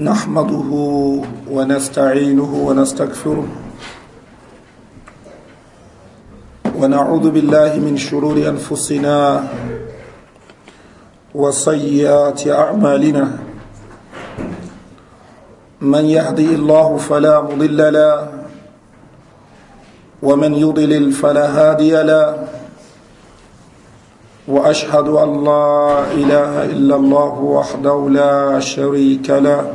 نحمده ونستعينه ونستغفره ونعوذ بالله من شرور انفسنا وسيئات اعمالنا من يهدي الله فلا مضل له ومن يضلل فلا هادي له واشهد ان لا اله الا الله وحده لا شريك له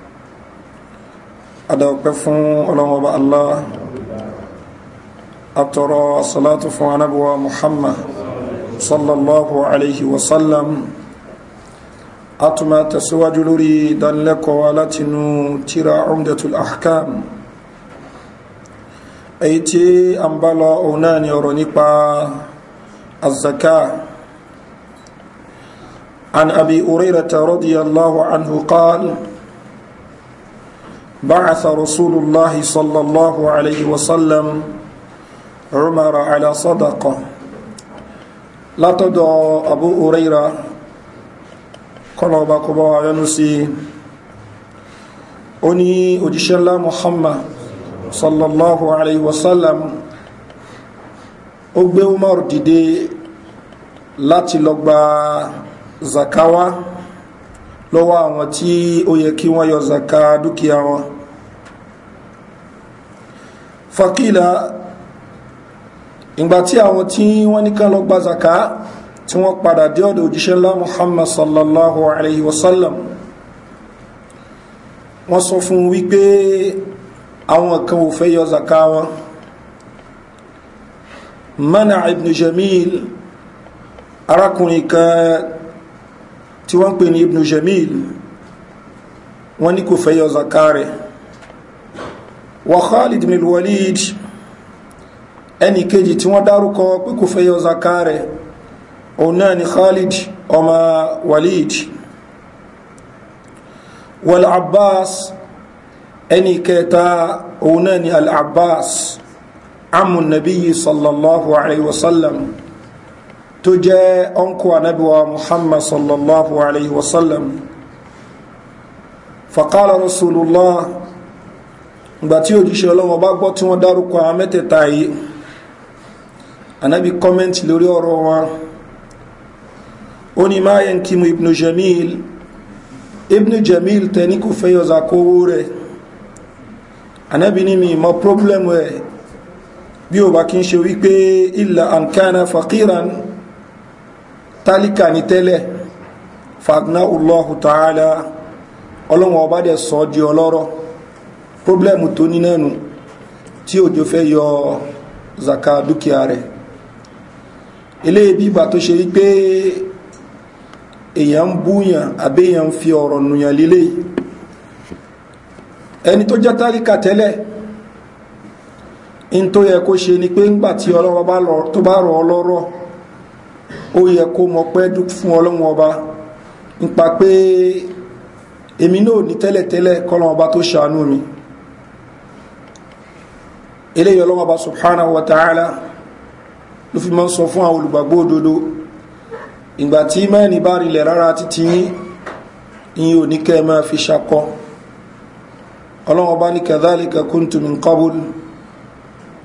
adáwọ̀pẹ́ fún ọlọ́wọ́ba Allah atọrọ salatu fún anábíwa Muhammad sallallahu alaihi wasallam atuma tẹ̀síwájú lórí ìdánilẹ́kọ̀ọ́ látinú tíra umdatul ahkam èyí tí a ń bá lọ òun náà ni ọ̀rọ̀ nípa azaka an abi hurairata radiyallahu anhu qala بعث رسول الله صلى الله عليه وسلم عمر على صدقة لا تدع أبو هريرة قلبك وينسي أني أجيش الله محمد صلى الله عليه وسلم أبي عمر ديدي láti lọ gba zakawa lọ́wọ́ àwọn tí ó yẹ kí wọ́n yọ zaka dúkìá wọn fakila ìgbà tí àwọn tí wọ́n ní ká lọ gba zaka tí wọ́n padà dé ọ̀dọ̀ òjíṣẹ́ ńlá muhammad sallallahu alayhi wa sallam wọ́n sọ fún wípé àwọn kan ò fẹ́ yọ zaka wọn mana ibn jamil arákùnrin kan tí wọ́n pè ní ibn jamil wọ́n ní kò fẹ́ yọ zaka rẹ̀ wa Khalid bin Walid ẹni kejì tí wọ́n dárúkọ pé kò fẹ́ yọ zaka rẹ̀ òun náà ni Khalid ọmọ Walid wal Abbas ẹni kẹta òun náà ni al Abbas amun nabiyyi sallallahu alayhi wa tó jẹ́ ọ̀nkù anábíwa muhammad sallallahu alayhi wa faqala rasulullah ìgbà tí òjíṣẹ́ ọlọ́wọ́ bá gbọ́ tí wọ́n dárúkọ àwọn mẹ́tẹ̀ẹ̀ta yìí anábi kọ́mẹ́ntì lórí ọ̀rọ̀ wọn ó ní máa yẹn kí mu Ibnu jamil Ibnu jamil tẹni kò fẹ́ yọ zakowó rẹ̀ anábi ní mi mọ́ problem ẹ̀ bí ó bá kí ń ṣe wípé ilà ankana fakiran tálíkà ní tẹ́lẹ̀ fagna ullahu ta'ala ọlọ́wọ́n ọba dẹ̀ sọ́ di ọlọ́rọ̀ pọ́blẹ́mù tó ní nánu tí òjò fẹ́ yọ zaka dúkìá rẹ̀ eléyìí bí ìgbà tó ṣe wípé èyàn ń búyàn àbéyàn fi ọ̀rọ̀ nùyàn lílé ẹni tó jẹ́ tálíkà tẹ́lẹ̀ in tó yẹ kó ṣe ni pé ńgbà tí ọlọ́wọ́ tó bá rọ ọlọ́rọ̀ ó yẹ kó mọ pẹ́ fún ọlọ́wọ́ ọba nípa pé èmi náà ní tẹ́lẹ̀tẹ́lẹ̀ kọ́lọ́wọ́ ọba tó ṣàánú mi eléyìí ọlọ́wọ́ bá subhanahu wa ta'ala ló fi máa ń sọ fún àwọn olùgbàgbọ́ òdodo ìgbà tí mẹ́ni bá rilẹ̀ rárá títí yín ò ní kẹ́ ẹ máa fi ṣakọ ọlọ́wọ́ bá ní kadhalika kuntum min qabl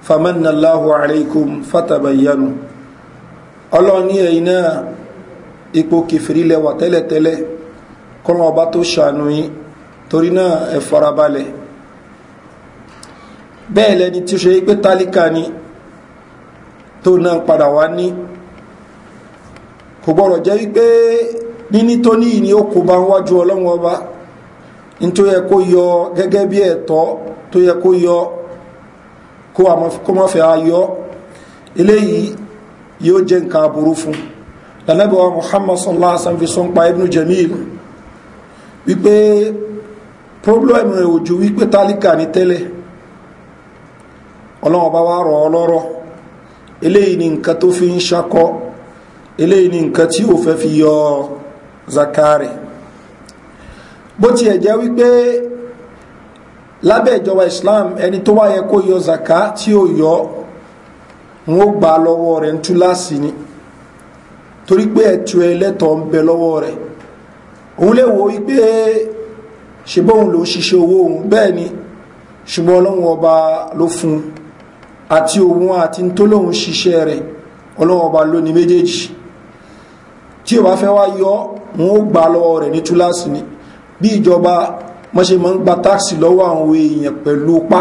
famanna Allahu alaykum fatabayyanu ọlọ́ọ̀ni ẹ̀yin náà bẹ́ẹ̀ lẹni tí ó ṣe pé tálíkà ni tó náà padà wá ní kò gbọ́rọ̀ jẹ́ wípé níní tó ní ìní ó kò bá ń wájú ọlọ́run ọba ní tó yẹ kó yọ gẹ́gẹ́ bí ẹ̀tọ́ tó yẹ kó yọ kó má ayọ́ eléyìí yóò jẹ́ nǹkan aburú fún lànàbíwá muhammad sallallahu alaihi wasallam ibnu jamil wípé problem rẹ̀ òjò wípé tálíkà ní tẹ́lẹ̀ ọlọ́wọ́n bá wá rọ̀ ọlọ́rọ̀ eléyìí ni nǹkan tó fi ń ṣakọ eléyìí ni nǹkan tí ò fẹ́ fi yọ zakari bó tiẹ̀ jẹ́ wípé lábẹ́ ìjọba islam ẹni tó wáyẹ kó yọ zaka tí ó yọ wọn ó gbà lọ́wọ́ rẹ̀ ń túláàsì ni torí pé ẹ̀tù ẹlẹ́tọ̀ ń bẹ lọ́wọ́ rẹ̀ òun lè wo wípé ṣe bóun ló ṣiṣẹ́ owó òun bẹ́ẹ̀ ni ṣùgbọ́n ọlọ́run ọba ló fún un àti òun àti tó lóun ṣiṣẹ́ rẹ̀ ọlọ́wọ́ ọba lóní méjèèjì tí ò bá fẹ́ wá yọ wọn ó gbà lọ́wọ́ rẹ̀ ní túláàsì ni bí ìjọba mọ́ṣe mọ́ ń gba táàsì lọ́wọ́ àwọn èèyàn pẹ̀lú pa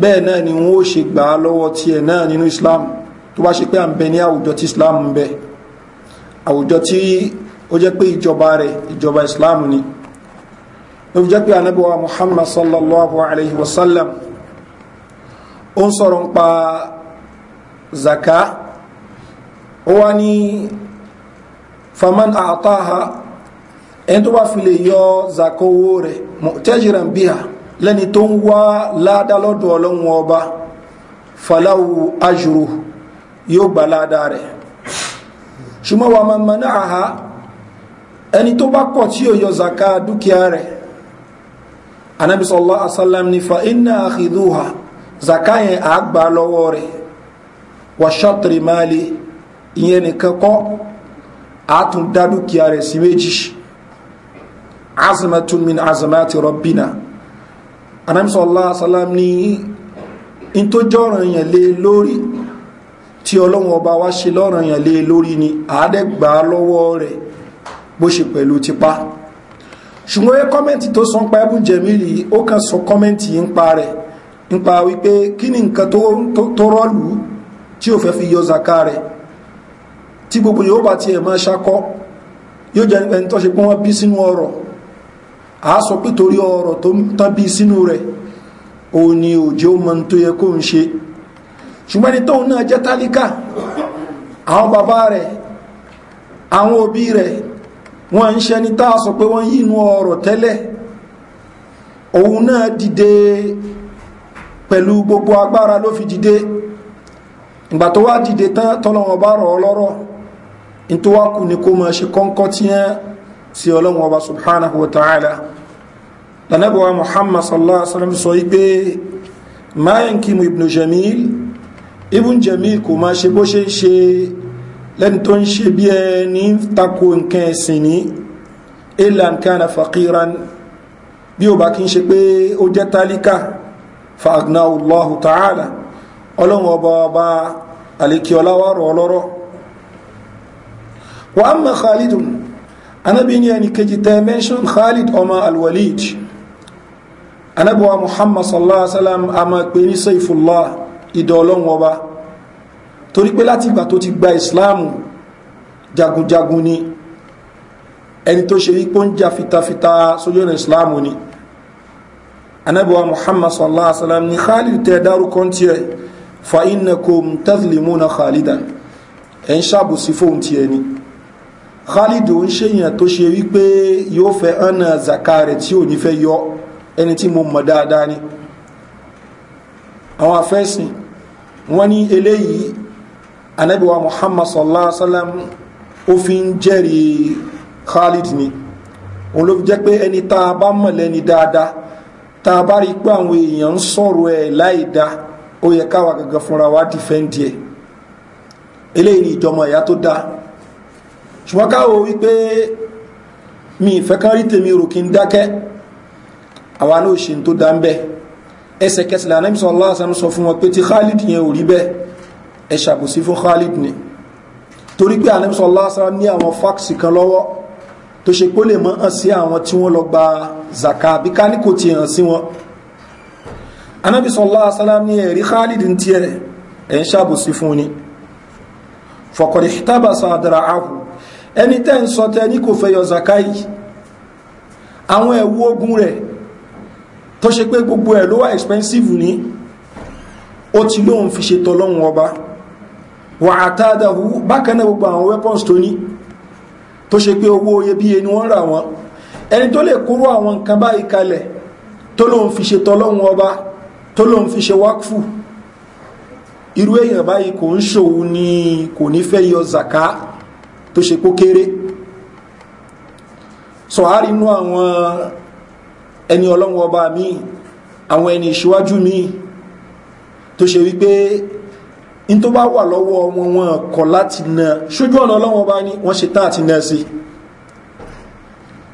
bẹ́ẹ̀ náà ni wọ́n ó ṣe gbà á lọ́wọ́ tiẹ̀ náà nínú islam tó bá ṣe pé à ń bẹ ní àwùjọ tí islam ń bẹ àwùjọ tí ó jẹ́ pé ìjọba rẹ̀ ìjọba islam ni ó jẹ́ pé anábíwá muhammad sallallahu alayhi wa sallam ó ń sọ̀rọ̀ ń pa zaka ó wá ní faman àtàhà ẹni tó bá fi lè yọ zaka owó rẹ̀ tẹ́jìrán bíhà lẹ́ni tó ń wá láàdá lọ́dọ̀ ọlọ́run ọba faláwù ajúrò yóò gbà láàdá rẹ̀ ṣùgbọ́n wà máa maná àhá ẹni tó bá kọ̀ tí ó yọ zaka dúkìá rẹ̀ anábisọ́lá asálàm ní fa iná àkìdúhà zaka yẹn a gbà lọ́wọ́ rẹ̀ wà ṣàtìrì máa lè ìyẹn nìkan kọ́ a tún dá dúkìá rẹ̀ sí méjì azimatun min azimati rabbina anamisa allah salam ni in tó jọ́ràn yẹn lé lórí tí ọlọ́run ọba wá ṣe lọ́ràn yẹn lé lórí ni àádẹ́gbà lọ́wọ́ rẹ̀ bó ṣe pẹ̀lú tipa ṣùgbọ́n ẹ kọ́mẹ́ntì tó sọ ń pa ẹbùn jẹ̀mílì ó kàn sọ kọ́mẹ́ntì yìí ń pa rẹ̀ nípa wípé kí ni nǹkan tó rọ́lù tí ó fẹ́ fi yọ zaka rẹ̀ tí gbogbo yóò bá ti ẹ̀mọ́ ṣakọ́ yóò jẹ́ nípa ẹni tó ṣe pé wọ́n bí sínú ọrọ̀ a sọ pé torí ọrọ̀ tó tán bí sínú rẹ̀ o ni òjò mọ́ tó yẹ kó ń ṣe ṣùgbọ́n ni tóun náà jẹ́ tálíkà àwọn bàbá rẹ̀ àwọn òbí rẹ̀ wọ́n ń ṣẹni tá a sọ pé wọ́n yí inú ọrọ̀ tẹ́lẹ̀ òun náà dìde pẹ̀lú gbogbo agbára ló fi dìde ìgbà tó wá dìde tán tọ́lọ́wọ́n bá rọ̀ ọ́ lọ́rọ̀ nítorí wá kù ní kó mọ̀ ṣe kọ́ńkọ́ tí wọ́n sí ọlọ́run ọba ta'ala lanabuwa muhammad sallallahu alaihi wasallam sọ wípé ibn jamil ibn jamil kò máa ṣe bó ṣe lẹ́ni tó ń ṣe bí ẹni tako nǹkan ẹ̀sìn ní illa kana faqiran bí ó bá kí ń ṣe pé ó jẹ́ tálíkà fàgnáwó lọ́hù tààlà ọlọ́run ọba ọba àlekíọlá wà rọ̀ ọlọ́rọ̀ wa amma khalidun anabi ni ẹni kejì tẹ mention khalid ọmọ alwalid anabi wa muhammad sallallahu alaihi wasallam a máa pè ní saifullah idọ̀ ọlọ́run ọba torí pé láti ìgbà tó ti gba islam jagunjagun ni ẹni tó ṣe wípé ó ń jà fitafita sójú ọ̀nà islam ni. Islam, anabiwa muhammad sallallahu alaihi wasallam ni khalid tẹ dárúkọ tiẹ fa innakum tazlimuna khalidan ẹ ń ṣàbùsí fóun tiẹ ni khalid ò ń ṣèyàn tó ṣe wípé yóò fẹ́ ọ̀nà zaka rẹ̀ tí ò ní fẹ́ yọ ẹni tí mo mọ̀ dáadáa ni àwọn afẹ́sìn wọ́n ní eléyìí anabiwa muhammad sallallahu alaihi wasallam ó fi ń jẹ́rìí khalid ni òun ló fi ẹni tá bá mọ̀ lẹ́ni dáadáa tá a bá rí pé àwọn èèyàn ń sọ̀rọ̀ ẹ̀ láì dá ó yẹ káwa gangan fúnra wa dìfẹ́ǹdì ẹ̀ eléyìí ni ìjọmọ ìyá tó dá ṣùgbọ́n káwo wípé mi ìfẹ́ kan rí tèmi rò kí n dákẹ́ àwa náà ṣe tó dá ń bẹ́ ẹsẹ̀kẹsẹ̀ lànà ìmísọ̀ aláàsán sọ fún wọn pé ti Khalid yẹn ò rí bẹ́ẹ̀ ẹ ṣàbòsí fún Khalid ni torí pé ànà ìmísọ̀ aláàsán ní àwọn fáksì kan lọ́wọ́ tó ṣe pé ó lè mọ́ hàn sí àwọn tí wọ́n lọ gba zaka bí ká ní kò ti hàn sí wọn anábì sallallahu alaihi ní ẹ̀rí khalid ń tiẹ̀ ẹ̀ ń ṣàbòsí fún ni fọkọ̀dé tábàsà àdàrà áhù ẹni tẹ́ ń sọ tẹ́ ní kò fẹ́ yọ zaka yìí àwọn ẹ̀wú ogun rẹ̀ tó ṣe pé gbogbo ẹ̀ ló wà expensive ní ó ti lóun fi ṣe tọ́lọ́hun ọba wà á tádàhù bákan náà gbogbo àwọn weapons tó ní tó ṣe pé owó iyebíye ni wọ́n rà wọ́n ẹni tó lè kúrò àwọn nǹkan báyìí kalẹ̀ tó lóun fi ṣe tọlọ́hun ọba tó lóun fi ṣe wákfù irú èèyàn báyìí kò ń ṣòwò ni kò ní fẹ́ yọ zaka tó ṣe kó kéré sọ àárín inú àwọn ẹni ọlọ́hun ọba míì àwọn ẹni ìṣíwájú míì tó ṣe wípé in tó bá wà lọ́wọ́ wọn wọn kọ̀ láti na ṣójú ọ̀nà ọlọ́wọ́ bá ní wọ́n ṣe tán àti náà sí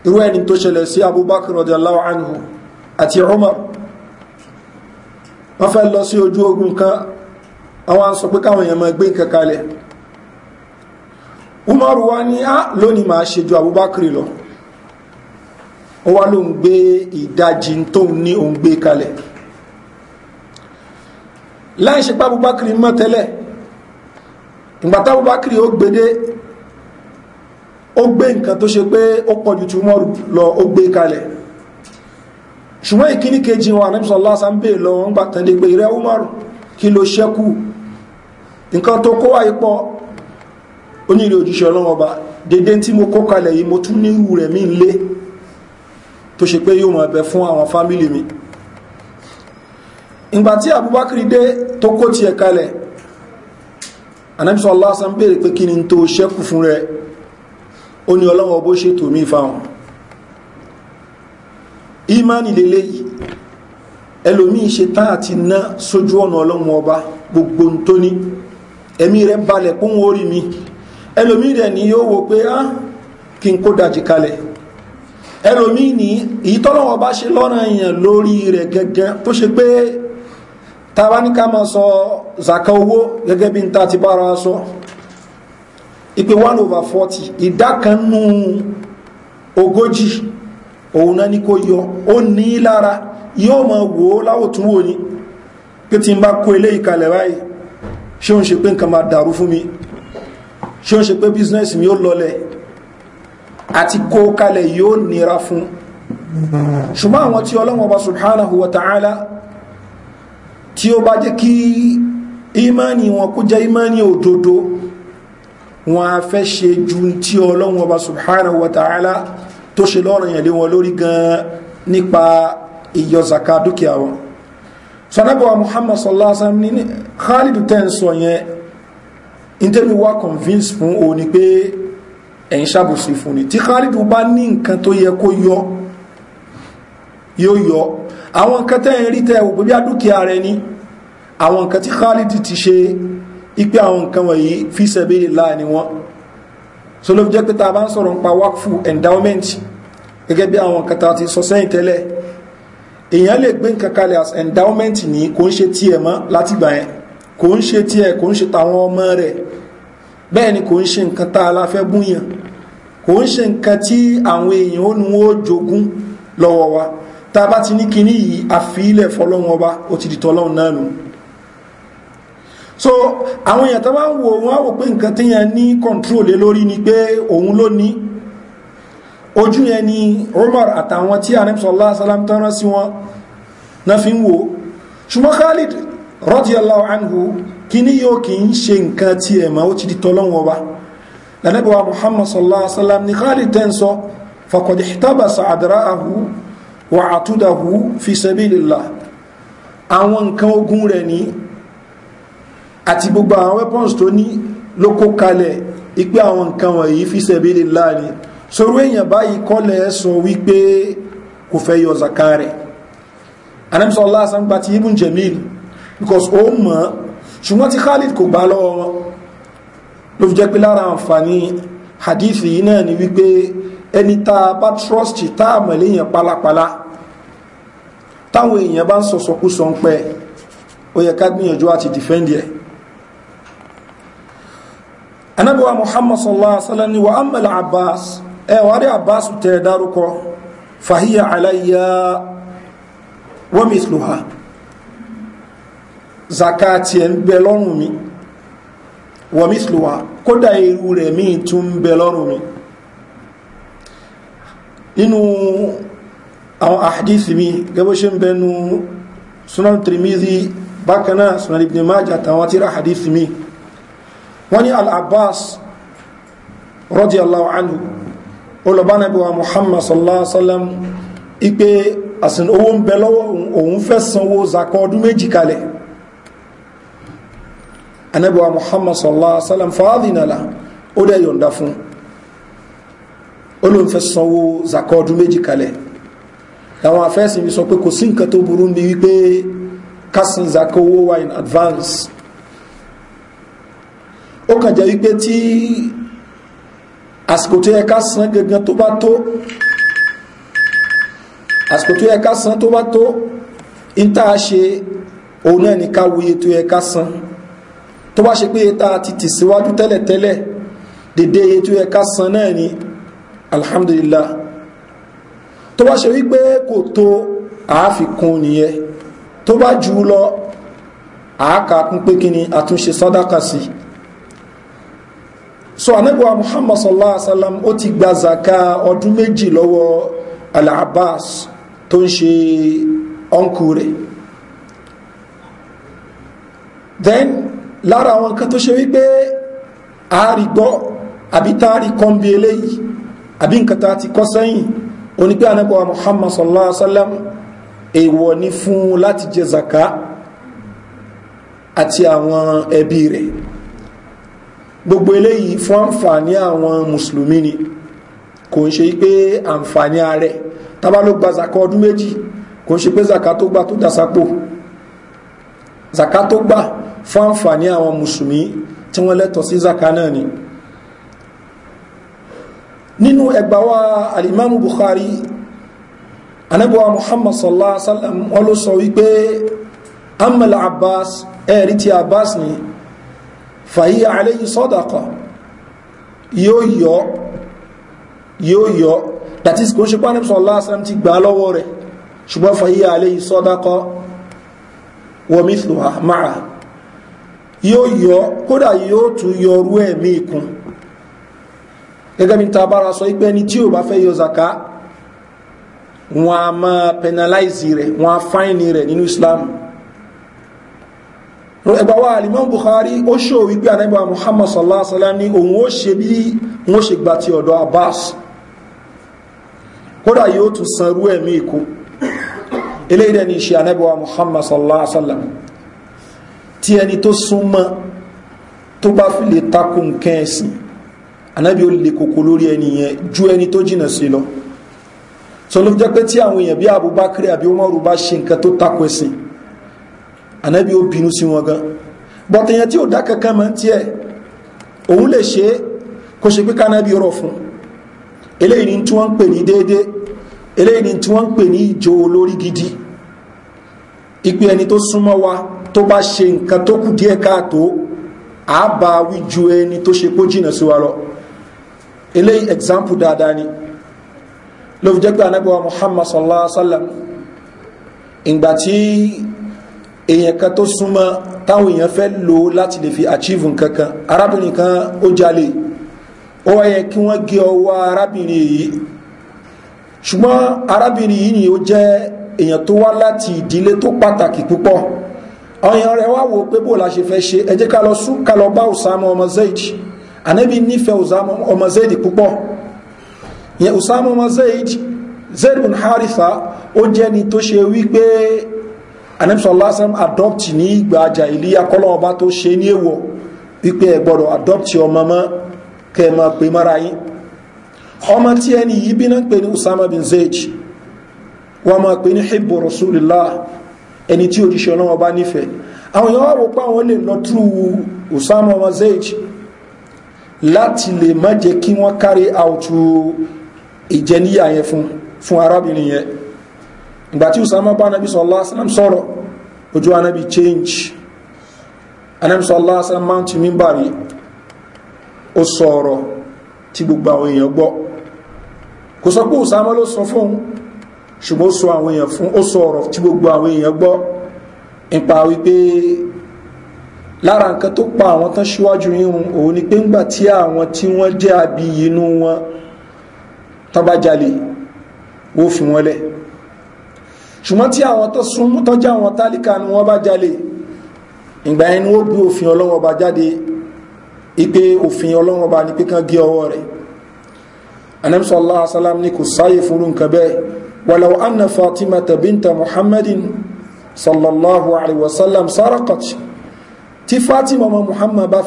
irú ẹni tó ṣẹlẹ̀ sí abubakar radiyallahu anhu àti umar wọ́n fẹ́ lọ sí ojú ogun kan àwọn sọ pé káwọn èèyàn máa gbé nǹkan kalẹ̀ umar wa ní á lónìí máa ṣe ju abubakar lọ ó wá lóun gbé ìdajì tóun ní òun gbé kalẹ̀ láì ṣe pé abubakar mọ́ tẹ́lẹ̀ ìgbà tí abubakar ó gbede ó gbé nǹkan tó ṣe pé ó pọ̀jù tí umaru lọ ó gbé kalẹ̀ ṣùgbọ́n ìkíní kejì wọn anábìsọ̀ lásán ń bèèrè lọ wọn gbà tán dé pé ìrẹ́ umaru kí ló ṣẹ́kù nǹkan tó kó wáyé pọ̀ oníire òjíṣẹ́ ọlọ́run ọba dédé tí mo kó kalẹ̀ yìí mo tún nírú rẹ̀ mí lé tó ṣe pé yóò mọ̀ ẹ̀bẹ̀ fún àwọn fámìlì mi ìgbà tí abubakar dé tó kó tiẹ̀ kalẹ̀ anabisọ aláàsán béèrè pé kí ni tó ṣẹ́kù fún rẹ ó ní ọlọ́wọ́ bó ṣètò mí fáwọn ìmánì lélẹ́yìí ẹlòmíì ṣe tán àti ná sójú ọ̀nà ọlọ́run ọba gbogbo ń tó ní ẹ̀mí balẹ̀ kún orí mi ẹlòmíì rẹ̀ ni yóò wo pé á ah, kí n kó dàjì kalẹ̀ ẹlòmíì ní ìyí tọ́lọ́run ṣe lọ́nà èèyàn lórí rẹ̀ gẹ́gẹ́ tó ṣe pé tàbá ní ká máa sọ zaka owó gẹ́gẹ́ bí n ti bára sọ ìpé 1 over forty, ìdá kan nú ogójì òun náà ní kó yọ ó ní lára yóò máa wò ó láwòtúnwò ni pé tí n bá kó eléyìí kalẹ̀ báyìí ṣé ó ń ṣe pé nǹkan máa dàrú fún mi ṣé ó ń ṣe pé bísínẹ́sì mi ó lọlẹ̀ àti kó kalẹ̀ yóò nira fún ṣùgbọ́n àwọn tí ọlọ́wọ́n bá subhanahu wa ta'ala tí ó bá jẹ́ kí ìmánì wọn kó jẹ́ ìmánì òdodo wọn a fẹ́ ṣe ju tí ọlọ́run ọba subhanahu wa ta'ala tó ṣe lọ́rọ̀ yẹn wọn lórí gan nípa ìyọ dúkìá wọn sọ́nàbọ̀wà muhammad sallallahu alaihi wasallam ní khalid ten sọ yẹn interview wa convince fún o ni pé ẹ̀yìn ṣàbòsí fún ni tí khalid bá ní nǹkan tó yẹ kó yọ yóò yọ àwọn nǹkan tẹ́yìn rí tẹ́ òpópí dúkìá rẹ ni àwọn nǹkan tí Khalid ti ṣe ipe àwọn nǹkan wọ̀nyí fi sabilillah ni wọ́n so ló fi jẹ́ pé ta bá ń sọ̀rọ̀ nípa wakfu endowment gẹ́gẹ́ bí àwọn nǹkan ta ti sọ sẹ́yìn tẹ́lẹ̀ èèyàn lè gbé nǹkan kalẹ̀ as endowment ní kò ń ṣe tiẹ̀ mọ́ látìgbà yẹn kò ń ṣe tiẹ̀ kò ń ṣe tàwọn ọmọ rẹ̀ bẹ́ẹ̀ ni kò ń ṣe nǹkan tá a la fẹ́ búyàn kò ń ṣe nǹkan tí àwọn èèyàn ó nu ó jogún lọ́wọ́ wa tá a bá ti ní kinní yìí àfi ilẹ̀ fọlọ́wọn ọba ó ti di tọ́lọ́run náà nù so àwọn èèyàn tó bá ń wo wọ́n wò pé nǹkan tí yẹn ní control lé lórí ni pé òun ló ní ojú yẹn ni Umar àtàwọn tí anẹ́bùsọ̀lá sálám tánrán sí wọn náà fi ń wo ṣùgbọ́n Khalid radiyallahu anhu kí ní yóò kì í ṣe nǹkan tí ẹ̀mà ó ti di tọ́lọ́wọ́ wa lẹ́nẹ́bọ̀wà Muhammad sallallahu alaihi ni Khalid tẹ́ ń sọ faqad ihtabasa adra'ahu wa atudahu fi sabilillah àwọn nǹkan ogun rẹ̀ ni àti gbogbo àwọn weapons tó ní ló kó kalẹ̀ ipé àwọn nǹkan wọ̀nyí fi sẹ̀bílì láàrin sọ̀rọ̀ èèyàn báyìí kọ́lẹ̀ sọ wípé kò fẹ́ yọ zaka rẹ̀ because ó mọ̀ khalid kò gbá lọ́wọ́ wọn hadithi yìí ni wípé ẹni tá a bá trust tá a mọ̀ léèyàn pálapàla táwọn èèyàn bá ń sọ̀sọ̀kú sọ ń pẹ́ ó yẹ ká gbìyànjú àti defend yẹn anabiwa muhammad sallallahu alaihi wasallam ni wa amal abbas ẹ wà rí abbas tẹ dárúkọ fahiya alayya wa mithluha zakati ẹ ń bẹ lọ́rùn mi wa mithluha kódà irú rẹ̀ míì tún ń bẹ lọ́rùn mi nínú àwọn sunan tirmidhi bákanáà sunan ibn majah àtàwọn tíra mi wọ́n ní al-abbas radiyallahu anhu olùbánabiwa muhammad sallallahu alaihi wasallam ipe àsìn owó ń bẹ lọ́wọ́ òun fẹ́ sanwó zakọ ọdún méjì kalẹ̀ anabiwa muhammad sallallahu alaihi wasallam fàádìnnàlá ó dẹ̀ yọ̀ǹda fún olóhùn fẹ́ sanwó zakọ ọdún méjì kalẹ̀ làwọn afẹ́sìn mi sọ pé kò ó kàn jẹ́ wípé tí àsìkò tó yẹ ká san gangan tó bá tó àsìkò tó yẹ ká san tó bá tó ń tá a ṣe òun náà ní ká wuye tó yẹ ká san tó bá ṣe pé tá ti tì síwájú tẹ́lẹ̀tẹ́lẹ̀ dédé iye tó yẹ ká san náà ni alhamdulillah tó bá ṣe wípé kò tó àáfikún nìyẹn tó bá jù lọ àákà kún kí ni àtúnṣe sàdákà sí i so anabiwa muhammad sallallahu alaihi wasallam ó ti gba zaka ọdún méjì lọ́wọ́ al-abbas tó ń ṣe ọ̀nkù rẹ̀ then lára àwọn nǹkan tó ṣe wípé àárí gbọ́ àbí táàrí kan bí eléyìí àbí nǹkan tá ti kọ́ sẹ́yìn ó ní pé anabiwa muhammad sallallahu alaihi wasallam èèwọ̀ ni fún láti jẹ zaka àti àwọn ẹbí rẹ̀ gbogbo eléyìí fún àǹfààní àwọn mùsùlùmí ni kò ń ṣe pé àǹfààní ààrẹ tábà ló gba zaka ọdún méjì kò ń ṣe pé zaka tó gbà tó dasapo zaka tó gbà fún àǹfààní àwọn mùsùlùmí tí wọ́n lẹ́tọ̀ọ́ sí zaka náà ni nínú ẹgbà wa alimamu bukhari anabuwa muhammad sallallahu alaihi wasallam wọ́n ló sọ wípé amal abbas ẹ̀rí ti abbas ni fàyí àléyìn sọ́dàkọ̀ yóò yọ yóò yọ that is kò ń ṣe pàdé sọ lásán ti gbà lọ́wọ́ rẹ̀ ṣùgbọ́n fàyí àléyìn sọ́dàkọ̀ wọ̀míṣù àmàrà yóò yọ kódà yóò tún yọrú ẹ̀mí ikun gẹ́gẹ́ bí tabara sọ ipẹ́ ni tí o bá fẹ́ yọ zaka wọn a máa penalize rẹ̀ wọn a fáìnì rẹ̀ nínú islam ẹgbà wa alimam bukhari ó ṣò wípé anábà muhammad sallallahu alaihi ní òun ó ṣe bí wọ́n ṣe gbà ti ọ̀dọ̀ abbas kódà yóò tún sanrú ẹ̀mí ikú ilé ni ṣe anábà muhammad sallallahu alaihi tí ẹni tó súnmọ́ tó bá fi lè takò nǹkan ẹ̀sìn anábì ó lè kòkó lórí ẹni yẹn ju ẹni tó jìnà sí lọ sọ jẹ́ pé tí àwọn èèyàn bí abubakar àbí umaru bá ṣe nǹkan tó takò ẹ̀sìn anábí ó bínú sí wọn gan bọ̀tẹ̀yàn tí ó dá kankan mọ́ tí ẹ̀ òun lè ṣe kó ṣe pé kánábí rọ̀ fún eléyìí ni tí wọ́n ń pè ní déédé ni tí wọ́n ń pè ní ìjó gidi ìpè ẹni tó súnmọ́ wa tó bá ṣe nǹkan tó kù díẹ̀ káàtó àbá wíju ẹni tó ṣe kó jìnà sí wa lọ eléyìí example dáadáa ni ló fi jẹ́ pé anábíwá muhammad sallallahu alaihi wasallam, sallam ìgbà tí èèyàn kan tó súnmọ́ táwọn èèyàn fẹ́ lò láti lè fi achieve nǹkan kan arábìnrin kan ó jalè ó wáyé kí wọ́n gé ọwọ́ arábìnrin yìí ṣùgbọ́n arábìnrin yìí ni ó jẹ́ èèyàn tó wá láti ìdílé tó pàtàkì púpọ̀ àwọn èèyàn rẹ̀ wá wò pé bó la ṣe fẹ́ ṣe ẹ jẹ́ ká lọ sún ká lọ bá Usama ọmọ Zaid Ànábì nífẹ̀ẹ́ Usama ọmọ Zaid púpọ̀ ìyẹn Usama ọmọ Zaid Zaid bin Haritha ó jẹ́ni tó ṣe wípé anamsọlá sẹm adopt ní ìgbà àjà ìlíyà kọ́lọ́wọ́ bá tó ṣe ní èèwọ̀ wípé ẹ gbọ́dọ̀ adopt ọmọ mọ́ kẹ́ ẹ máa pè mọ́ra yín ọmọ tí ẹni yìí bí náà pè ní usama bin zayd wọ́n máa pè ní hibbu rasulillah ẹni tí òjíṣẹ́ ọlọ́wọ́ bá nífẹ̀ẹ́ àwọn èèyàn wò pé àwọn lè lọ tú usama ọmọ zayd láti lè má jẹ́ kí wọ́n carry out ìjẹníyà yẹn fún arábìnrin yẹn ìgbà tí usama bá anabi sallallahu alaihi wasallam sọ̀rọ̀ ojú anabi change anabi sallallahu alaihi wasallam máa ń ti mímbàrí ó sọ̀rọ̀ tí gbogbo àwọn èèyàn gbọ́ kò sọ pé usama ló sọ fún ṣùgbọ́n ó sọ àwọn èèyàn fún ó sọ ọ̀rọ̀ tí gbogbo àwọn èèyàn gbọ́ nípa wípé lára nǹkan tó pa àwọn tán síwájú yíhun òun ni pé ńgbà tí àwọn tí wọ́n jẹ́ àbí wọn tán wó fi wọ́n lẹ̀ ṣùgbọ́n tí àwọn tó súnmú tọ́jú àwọn tálíkà ni wọ́n bá jalè ìgbà ẹni ó gbé òfin ọlọ́wọ́ bá jáde ipe òfin ọlọ́wọ́ bá ní pé kán gé ọwọ́ rẹ̀ Ànábì sallallahu alaihi wasallam ní kò sáyè fúnrú nǹkan bẹ́ẹ̀ walau anna Fatima binta Muhammadin sallallahu alaihi wasallam saraqat tí Fatima ọmọ Muhammad bá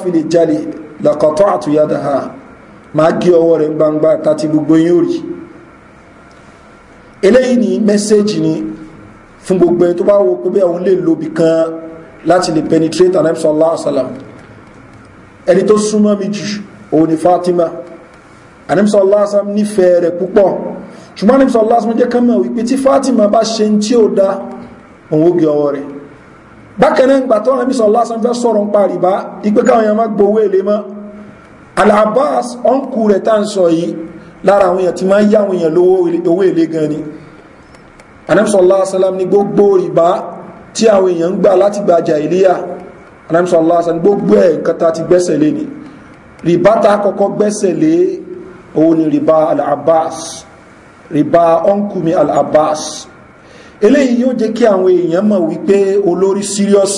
fún gbogbo ẹni tó bá wo pé bí àwọn lè lo kan láti lè penetrate anabi sallallahu alaihi wasallam ẹni tó súnmọ́ mi jù òun ni fatima anabi sallallahu alaihi wasallam nífẹ̀ẹ́ rẹ̀ púpọ̀ ṣùgbọ́n anabi sallallahu alaihi wasallam jẹ́ kánmọ̀ wípé tí fatima bá ṣe ń tí ó da òun ó gé ọwọ́ rẹ̀ bákan náà gbàtọ́ anabi sallallahu alaihi wasallam fẹ́ sọ̀rọ̀ ń pa àrìbá ipé káwọn èèyàn má gbowó èlé mọ́ al-abbas ọ̀nkù anamsọ̀lá asalam ní gbogbo ìbá tí àwọn èèyàn ń gbà láti gba jàìlíyà anamsọ̀lá asalam gbogbo ẹ̀ kata ti gbẹ́sẹ̀ lé ni rìbá ta kọ́kọ́ gbẹ́sẹ̀ lé òun ni rìbá al-abbas rìbá ọ́nkùnmi al-abbas eléyìí yóò jẹ́ kí àwọn èèyàn mọ̀ wípé olórí serious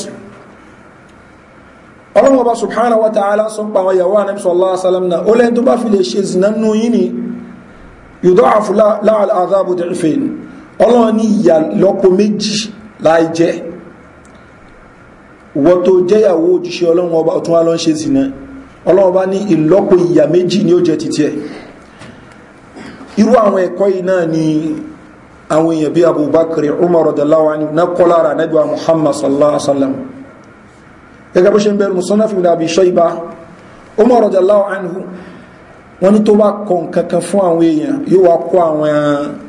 ọlọ́run ọba subhana wa ta'ala sọ pa àwọn yàwó anabi sallallahu náà ó lẹ́yìn tó bá fi lè ṣe zina nù ni yóò dọ́ àfúlá láàrín àzábò dẹ̀rífẹ́ ni ọlọ́run ní ìyà lọ́pọ méjì láì jẹ́ ìwọ tó jẹ́yàwó òjíṣẹ́ ọlọ́run ọba ọ̀tún wa lọ ń ṣe zìnà ọlọ́run bá ní ìlọ́pọ ìyà méjì ni ó jẹ́ títí ẹ̀ irú àwọn ẹ̀kọ́ yìí ni àwọn èèyàn bí abubakar umar da ní kọ́lára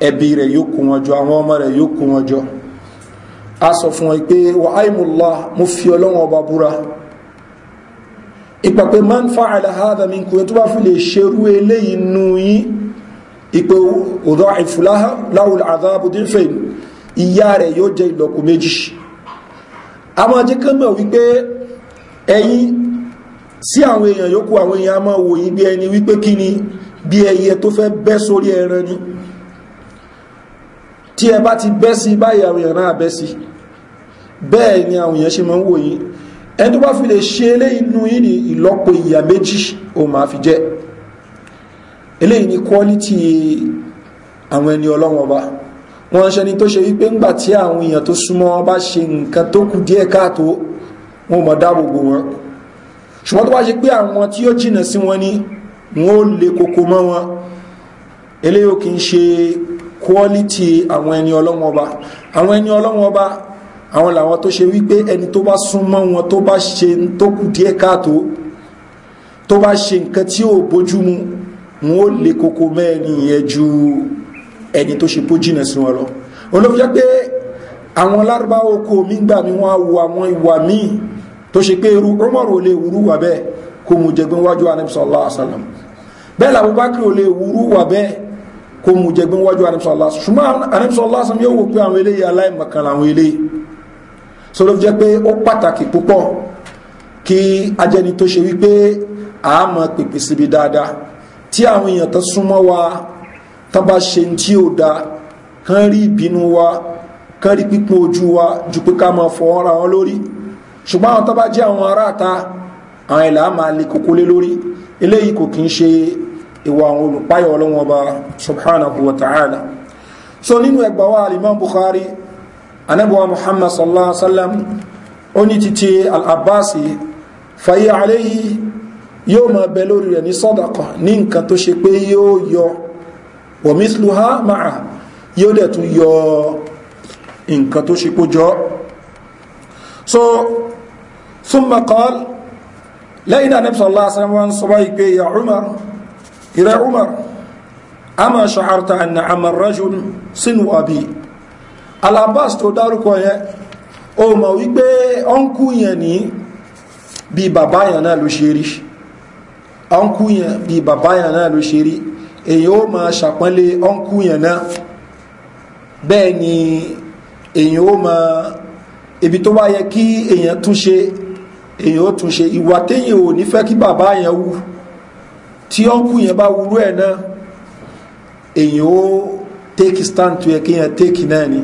ẹbí rẹ̀ yóò kó wọn jọ àwọn ọmọ rẹ̀ yóò kó wọn jọ a sọ fún wọn pé wà áìmùlá mo fi ọlọ́wọ́n ọba búra ìpàpẹ máa ń fa àlàáhàdà mi kò tó bá fi lè ṣerú eléyìí nù yín ìpè òdò àìfúláhà láwùl àdábòdínfẹ̀ ìyá rẹ̀ yóò jẹ́ ìlọ́kù méjì a máa jẹ́ kẹ́mọ̀ wípé ẹ̀yin sí àwọn èèyàn yòókù àwọn èèyàn a máa wòyí bí ẹni wípé kí ni bí ẹyẹ tó fẹ́ bẹ́ sórí ẹran ni. Wikbe, tí ẹ bá ti bẹ́ sí báyìí àwọn náà bẹ́ sí bẹ́ẹ̀ ni àwọn èèyàn ṣe máa ń wò yín ẹni tó bá fi lè ṣe eléyìí nu yín ní ìlọ́po ìyà méjì ó máa fi jẹ́ eléyìí ni quality àwọn ẹni ọlọ́wọ́n ọba wọ́n ṣe ni tó ṣe wípé ńgbà tí àwọn èèyàn tó súnmọ́ wọn bá ṣe nǹkan tó kù díẹ̀ káàtó wọn mọ̀ dáàbò bò wọn ṣùgbọ́n tó bá ṣe pé àwọn tí ó jìnà sí wọn ni wọn ó le koko mọ́ wọn eléyìí ò kì í ṣe quality àwọn ẹni ọlọ́wọ́n ọba àwọn ẹni ọlọ́wọ́n ọba àwọn làwọn tó ṣe wípé ẹni tó bá súnmọ́ wọn tó bá ṣe tó kù díẹ̀ káàtó tó bá ṣe nǹkan tí ò bójúmu wọn ó lè koko mẹ́ẹ̀ni yẹn ju ẹni tó ṣe bó jìnà sí wọn lọ olóòfin jẹ́ pé àwọn lárúbáwò kò mí gbà mí wọn wo àwọn ìwà míì tó ṣe pé irú Umar lè wúrú wà bẹ́ẹ̀ kó mu jẹgbẹ́ wájú anabi sallallahu bẹ́ẹ̀ làbúbákì ò lè wúrú wà bẹ́ẹ̀ kó mú jẹgbẹ́ wájú anamsọ́lá ṣùgbọ́n anamsọ́lá sọ yóò wò pé àwọn eléyìí aláìmọ̀kan làwọn eléyìí so ló fi jẹ́ pé ó pàtàkì púpọ̀ kí ajẹni tó ṣe wípé àmọ́ pèpè síbi dáadáa tí àwọn èèyàn tó súnmọ́ wa tó bá ṣe tí ó da kán rí ìbínú wa kán rí pípín ojú wa ju pé ká máa fọ ọ́ra wọn lórí ṣùgbọ́n àwọn tó bá jẹ́ àwọn aráàta àwọn ìlà máa le kókó lé lórí eléyìí kò kí ń ṣe ìwà àwọn olùpáyọ̀ ọlọ́wọ́n ọba subhanahu wa ta'ala so nínú ẹgbà wa alimam bukhari anabuwa muhammad sallallahu alaihi wasallam ó ní títí al-abbasi fàyí aléyìí yóò máa bẹ lórí rẹ̀ ní sọ́dọ̀kọ̀ ní nǹkan tó ṣe pé yóò yọ wọ̀mísluha máa yóò dẹ̀ tún yọ nǹkan tó ṣe kó jọ ìrẹ́ umar ama ṣaharta anna amarajun sínú àbí alabas tó dárúkọ yẹn o mọ̀ wípé ọ́nkú yẹn ní bí bàbá yẹn náà ló ṣe rí ọ́nkú yẹn bí bàbá yẹn náà ló ṣe rí èyí ó máa ṣàpọ́nlé ọ́nkú yẹn náà bẹ́ẹ̀ ni èyí ó máa ibi tó bá yẹ kí èyàn túnṣe èyàn ó túnṣe ìwà téyàn ò ní fẹ́ kí bàbá yẹn wù tí ọ́nkù yẹn bá wúrú ẹ̀ náà èyàn ó take stand tó yẹ kí yẹn take náà ni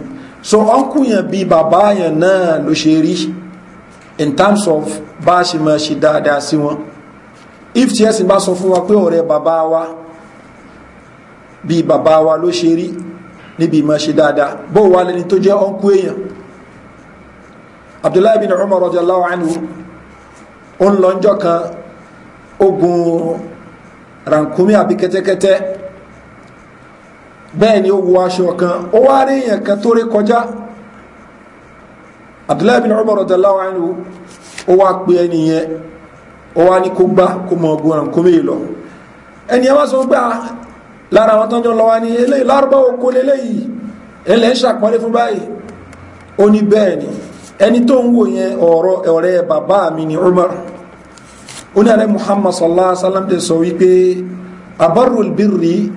so ọ́nkù yẹn bíi bàbá yẹn náà ló ṣe rí in terms of bá a ṣe máa ṣe dáadáa sí wọn if tí ẹ̀sìn bá sọ fún wa pé ọ̀rẹ́ bàbá wa bíi bàbá wa ló ṣe rí níbi ìmọ̀ ṣe dáadáa bó wà lẹni tó jẹ́ ọ́nkú èèyàn abdullahi bin umar radiyallahu anhu ó ń lọ ọjọ́ kan ogun rànkúmí àbí kẹ́tẹ́kẹ́tẹ́ bẹ́ẹ̀ ni ó wo aṣọ kan ó wá rí èèyàn kan tó rí kọjá abdullahi bin umar radallahu anhu ó wá ẹni yẹn ó ní kó gbá lọ ẹni yẹn wá gba gbà lára àwọn tọ́jọ́ oko léléyìí bẹ́ẹ̀ ni tó ń mi ni umar oníyàrá muhammad sallallahu alaihi wasallam dẹ̀ sọ wípé abarul birri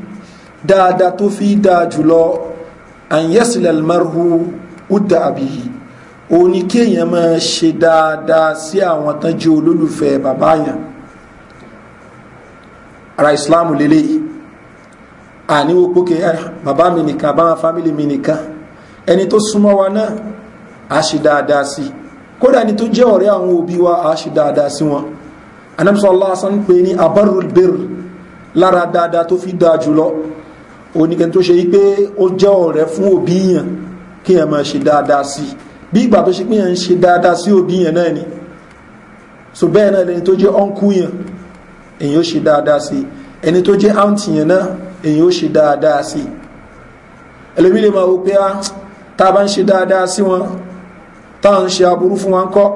dáadáa tó fi dáa jùlọ an yasila almarhu udda abihi òní kéèyàn máa ṣe dáadáa sí àwọn tán jẹ́ olólùfẹ́ bàbá yẹn ara ìsìláàmù lélẹ́yìí àní wo pókè bàbá mi nìkan àbáwọn fámìlì mi nìkan ẹni tó súnmọ́ wa náà a ṣe dáadáa sí kódà ni tó jẹ́ ọ̀rẹ́ àwọn òbí wa a ṣe dáadáa sí wọn anamsọ lásán pé ní abarul bir lára dáadáa tó fi dáa jùlọ oníkẹ́ tó ṣe wípé ó jẹ́ ọ̀rẹ́ fún òbí yàn kí ẹ máa ṣe dáadáa sí bí ìgbà tó ṣe pé yàn ń ṣe dáadáa sí òbí yàn náà ni so bẹ́ẹ̀ náà lẹni tó jẹ́ ọ́nkú yàn èyí ó ṣe dáadáa sí ẹni tó jẹ́ áǹtì yàn náà èyí ó ṣe dáadáa sí ẹlòmí máa wo pé ah, tá a bá ń ṣe dáadáa sí wọn tá à ń ṣe aburú fún wọn kọ́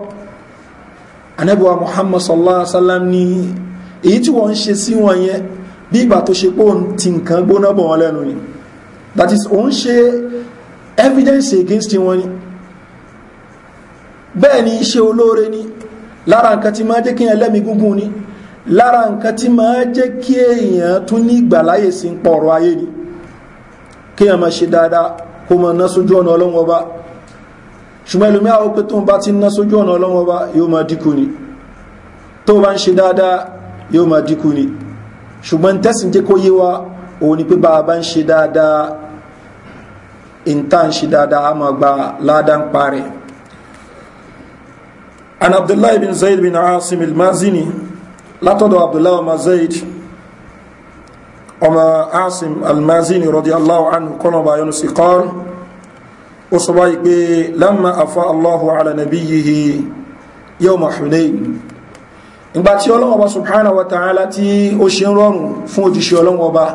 anabiwa muhammad sallallahu alaihi wasallam ni, ní èyí tí wọ́n ń ṣe sí wọn yẹn bí ìgbà tó ṣe pé òun ti nǹkan gbóná bọ̀ wọn lẹ́nu ni that is òun ṣe evidence against wọn ni bẹ́ẹ̀ ni iṣẹ́ olóore ni lára nǹkan tí máa jẹ́ kí èèyàn lẹ́mi gúngún ni lára nǹkan tí máa jẹ́ kí èèyàn tún ní ìgbàláyè sí ń pọ̀rọ̀ ayé ni kéèyàn máa ṣe dáadáa kó máa ná sójú ọ̀nà ọlọ́wọ́ bá ṣùgbọ́n ẹlòmí àwọn pé tó ń bá ti ná sójú ọ̀nà ọlọ́wọ́ bá yóò máa dínkù ni tó bá ń ṣe dáadáa yóò máa dínkù ni ṣùgbọ́n tẹ́sìn jẹ́ kó yé wa òun ni pé bá ń ṣe dáadáa ìntà ń ṣe dáadáa a máa gba ládàá ń parẹ́ an abdullahi bin Zaid bin asim al-mazini látọ̀dọ̀ abdullahi ọmọ zayd ọmọ asim al-mazini rọ̀dí allahu anhu kọ́nà bá yọnu sí kọ́ọ̀rọ̀ ó sọ báyìí pé lámà afá aláhu ala nabiyyihi yawma hunayn ìgbà tí ọlọ́wọ́ bá subhanahu wa ta'ala tí ó ṣe ń rọrùn fún òjíṣẹ́ ọlọ́wọ́ bá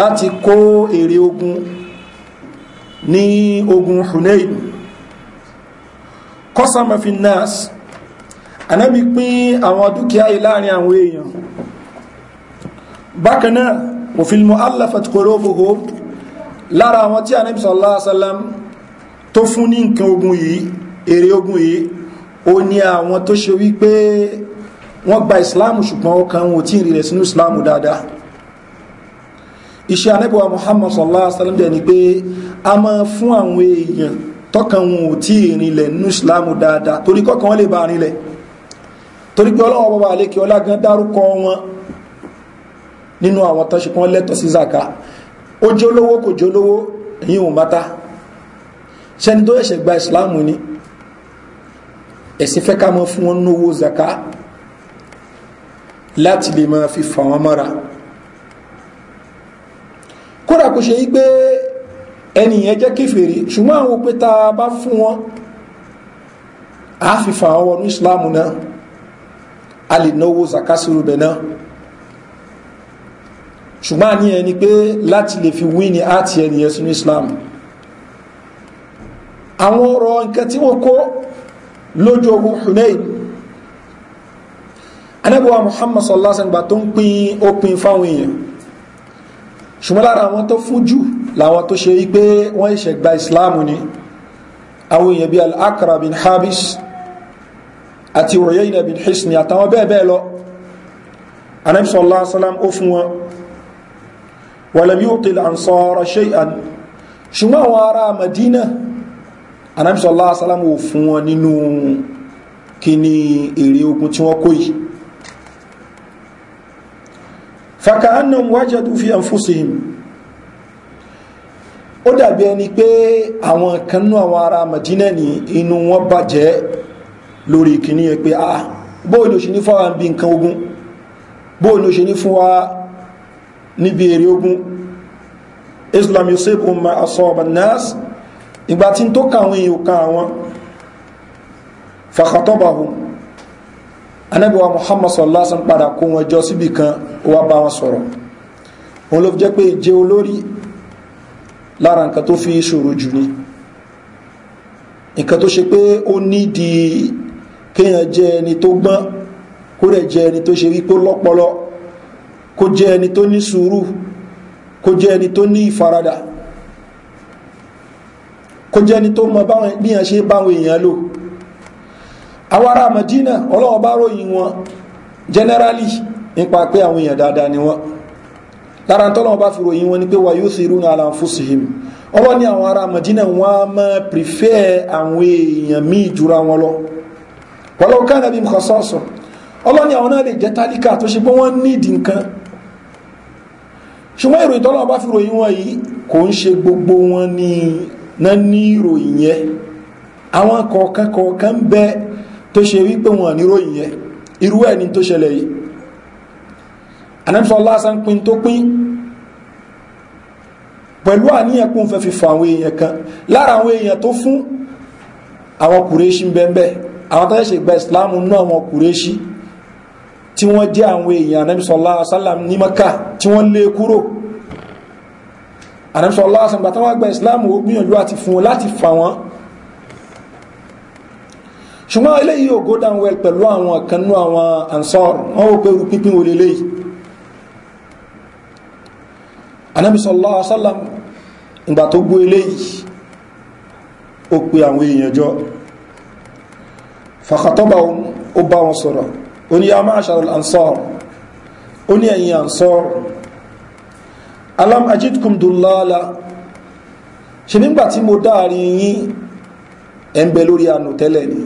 láti kó èrè ogun ní ogun hunayn kọ́sàmà fi nas anábi pín àwọn dúkìá yìí láàrin àwọn èèyàn bákanáà òfin mu'allafat qulubuhum lára àwọn tí anábi sallallahu alaihi tó fún ní nǹkan ogun yìí èrè ogun yìí ó ní àwọn tó ṣe wípé wọ́n gba ìsìláàmù ṣùgbọ́n ọkàn wọn tí ì sínú ìsìláàmù dáadáa iṣẹ́ anábíwá muhammad sallallahu alaihi wasallam dẹ̀ ni pé a máa fún àwọn èèyàn tọ́kàn wọn ò tí ì rìnlẹ̀ nínú ìsìláàmù dáadáa torí kọ́kàn wọn lè bá rìnlẹ̀ torí pé ọlọ́wọ́ bàbá àlékè ọlágan dárúkọ wọn nínú àwọn tọ́ṣe kan lẹ́tọ̀ sí zaka ó jólówó kò jólówó èyí ò sẹ́ni tó ẹ̀ṣẹ̀ gba ìsìláàmù ni ẹ̀sìn fẹ́ ká mọ́ fún wọn lówó zaka láti lè máa fi fà wọn mọ́ra kódà kò ṣe wípé ẹni yẹn jẹ́ kèfèrí ṣùgbọ́n àwọn òpè tá a bá fún wọn a fi fà wọn wọnú ìsìláàmù náà a lè náwó zaka sírù bẹ̀ náà ṣùgbọ́n àníyàn ni pé láti lè fi wí ni á ti ẹni yẹn sínú ìsìláàmù àwọn ọ̀rọ̀ nǹkan tí wọ́n kó lójú ogun Hunayn anábíwá Muhammad sallallahu alaihi wasallam tó ń pín ópin fáwọn èèyàn ṣùgbọ́n lára àwọn tó fún jù láwọn tó ṣe wípé wọ́n ìṣẹ̀ gba ìsìláàmù ni àwọn èèyàn bí al-Aqra bin Habis àti Uyayna bin Hisni àtàwọn bẹ́ẹ̀ bẹ́ẹ̀ lọ anábí sallallahu alaihi wasallam ó fún wọn anamisọ́lá asálàmù ò fún wọn nínú kí ni èrè ogun tí wọ́n kó yìí fàkà annam wájẹ́dù fi àǹfúsìhìm ó dàbí ẹni pé àwọn kanú àwọn ará madina ni inú wọn bàjẹ́ lórí ìkíní ẹ pé ah bóò ni ó ṣe ní fọ́wà ń bí ogun bóò ni ó ṣe ní fún wa níbi èrè ogun islam yusuf umar asọ́ọ̀bà nas ìgbà tí tó ka àwọn èèyàn ka àwọn fàkàtọ́bàhù anábíwá muhammad sallallahu alaihi wasallam padà kó wọn jọ síbi kan wá bá wọn sọ̀rọ̀ wọn ló fi jẹ́ pé ìjẹ́ olórí lára nǹkan tó fi ṣòro jù ni nǹkan tó ṣe pé ó nídìí kéèyàn jẹ́ ẹni tó gbọ́n kó rẹ̀ jẹ́ ẹni tó ṣe rí pé lọ́pọlọ kó jẹ́ ẹni tó ní sùúrù kó jẹ́ ẹni tó ní ìfaradà kó jẹ́ ni tó mọ bí yàn ṣe báwọn èèyàn lò àwọn Madina ọlọ́wọ́ bá wọn generally nípa pé àwọn èèyàn dáadáa ni wọ́n lára tọ́lọ́wọ́ bá fi ròyìn wọn ni pé wà yóò sì rú ala anfusihim ọlọ́ ní àwọn ará Madina wọn a máa prefer àwọn èèyàn míì jura wọn lọ walau kana bihim khasasa ọlọ́ ní àwọn náà lè jẹ́ tálíkà tó ṣe pé wọ́n nídìí nǹkan ṣùgbọ́n ìròyìn tọ́lọ́wọ́ bá fi ròyìn wọn yìí kò ń ṣe gbogbo wọn ní na ní ìròyìn yẹn àwọn kọ̀ọ̀kan kọ̀ọ̀kan bẹ tó ṣe wípé wọn ní ìròyìn yẹn irú ẹ̀ ni tó ṣẹlẹ̀ yìí anẹ́fọ́ lásán pin tó pín pẹ̀lú àníyàn kún fẹ́ fi fọ àwọn èèyàn kan lára àwọn èèyàn tó fún àwọn kùrẹ́ṣí bẹ́ẹ̀bẹ́ àwọn tó ṣe gba ìsìláàmù ní àwọn kùrẹ́ṣí tí wọ́n jẹ́ àwọn èèyàn anẹ́bísọ́lá sálàm ní maka tí wọ́n lé kúrò àdámsọ aláàsán gbàtà wà gba islam ó gbìyànjú àti fún wọn láti fà wọn ṣùgbọ́n eléyìí ò go down well pẹ̀lú àwọn kanú àwọn ansar wọn ò pẹ̀lú pínpín wọlé léyìí àdámsọ aláàsán ìgbà tó gbó eléyìí ó pe àwọn èèyàn jọ fàkàtọ́bà ó bá wọn sọ̀rọ̀ ó ní yá máa ṣàrọ̀ ansar ó ní ẹ̀yìn ansar alam ajidkum dullala ṣe nígbà tí mo dáàrin yín ẹ̀ǹbẹ̀ lórí ànù tẹ́lẹ̀ ni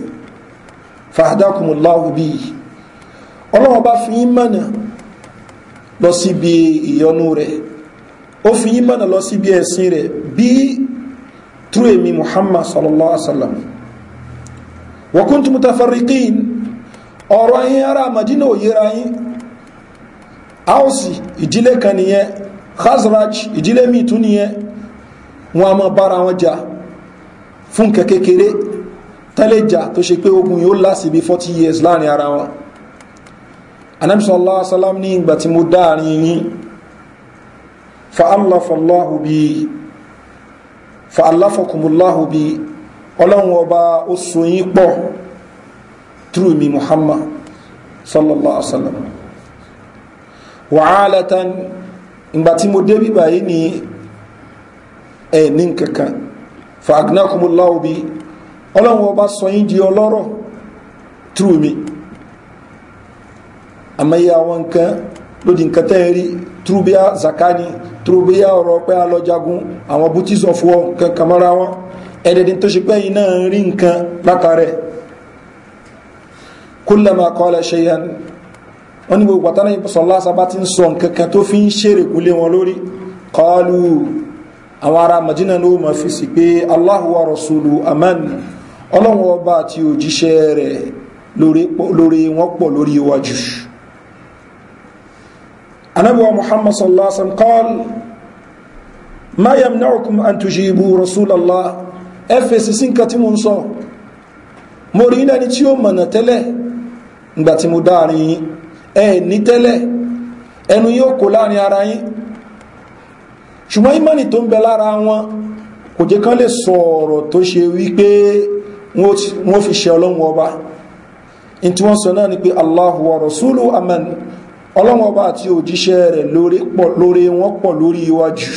fàdákùnmùláhù bí ọlọ́wọ́ bá fi yín mọ̀nà lọ síbi ìyọnú rẹ̀ ó fi yín mọ̀nà lọ síbi ẹ̀sìn rẹ̀ bí trú èmi muhammad sallallahu alaihi wasallam wa kuntum mutafarriqin ọ̀rọ̀ yín ará madina ò yín a ó sì ìdílé kan nìyẹn khazraj ìdílé mi tún nìyẹn wọn a máa bára wọn jà fún nǹkan kékeré tẹ́lẹ̀ jà tó ṣe pé ogun yóò lásì bí 40 years láàrin ara wọn anamsọ́lá salam ní ìgbà tí mo dáàrin yín fa'allafalahu bi fa'allafakumullahu bi ọlọ́run ọba ó so yín pọ̀ through mi muhammad sallallahu alaihi wasallam wa'alatan ìgbà tí mo dé bíbà yìí ni ẹ̀ ní kankan fagnakumulawo bi ọlọ́run ọba sọ yín di ọlọ́rọ̀ through mi àmọ́yé àwọn nǹkan lódì nǹkan tẹ́ ẹ rí through bí a zakani through bí a ọ̀rọ̀ pé a lọ jagun àwọn fún ọ nǹkan kàmọ́ra wọn ẹ̀dẹ̀dẹ̀ tó ṣe pé yín náà rí nǹkan látàrẹ̀ kúlẹ̀ máa kọ́ ọ lẹ́ṣẹ̀yẹ́ wọ́n ní gbogbo àtàlẹ́yìn sọ̀lá sábà ti ń sọ nǹkan kan tó fi ń ṣèrègúnlé wọn lórí kọlu àwọn ará madina ló ma fi sí pé aláhùwà rọ̀sùlù amán ọlọ́run ọba àti òjíṣẹ́ rẹ̀ lórí wọn pọ̀ lórí iwájú anábíwá muhammad sallallahu alaihi ẹ ní tẹ́lẹ̀ ẹnu yóò kó láàrin ara yín ṣùgbọ́n imani tó ń bẹ lára wọn kò jẹ́ kán lè sọ ọ̀rọ̀ tó ṣe wípé wọ́n fi ṣe ọlọ́run ọba ni pe Allahu àti òjíṣẹ́ rẹ̀ lórí wọn pọ̀ lórí iwájú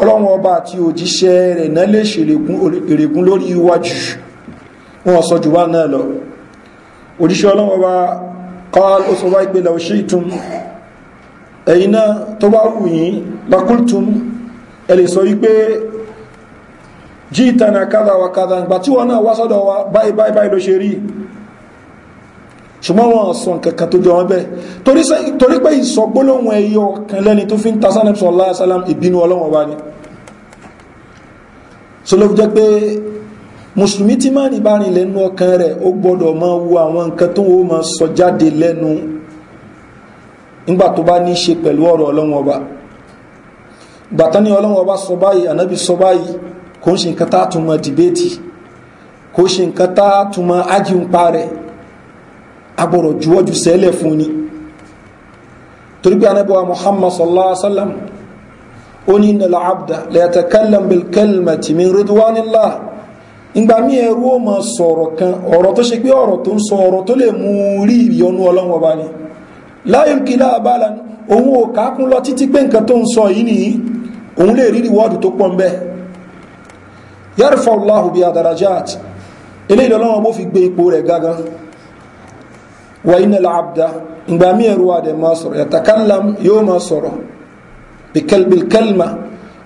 ọlọ́run ọba àti òjíṣẹ́ rẹ̀ náà lè ṣe lórí iwájú wọn sọ náà lọ قال أصبعت لو شئتم أين تبعوني لقلتم ẹlẹ́ sọ wípé jíìtànà kádà wà kádà gbà tí wọ́n náà wá sọ́dọ̀ wa báyìí báyìí báyìí ló ṣe rí ṣùgbọ́n wọn sọ kankan tó jọ wọn bẹ́ torí pé ìsọ gbólóhùn ẹyọ kan lẹ́ni tó fi ń ta sálẹ̀mù sọ láàsálàm ìbínú ọlọ́wọ̀n bá ní so ló fi jẹ́ pé mùsùlùmí tí máa ní bá rìn lẹ́nu ọkàn rẹ̀ ó gbọ́dọ̀ máa wo àwọn nǹkan tó wọ́n máa sọ jáde lẹ́nu nígbà tó bá ní í ṣe pẹ̀lú ọ̀rọ̀ ọlọ́wọ́n ọba gbàtán ní ọlọ́wọ́n ọba sọ báyìí ànábì sọ báyìí kò ń ṣe nǹkan tá a tún mọ dìbéètì kò ṣe nǹkan tá a tún mọ ájìǹpa rẹ̀ agbọ̀rọ̀ juwọ́jú sẹ́lẹ̀ fún ni torí pé anábíwá muhammad sallallahu alaihi wasallam ó ní nàlá abdá lẹ́yàtàkálàm bilkalmati min ridwanillah ìgbà mí ẹrú ó mọ sọ̀rọ̀ kan ọ̀rọ̀ tó ṣe pé ọ̀rọ̀ tó ń sọ ọ̀rọ̀ tó lè mú rí ìyọnú ọlọ́run ọba ni láyùn kí láàbálà òun ò kákún lọ títí pé nǹkan tó ń sọ yìí nìyí òun lè rí rìwọ́ọ̀dù tó pọ̀ ń bẹ́ẹ̀ yàrfà Allahu bi adarajat eléyìí lọ́wọ́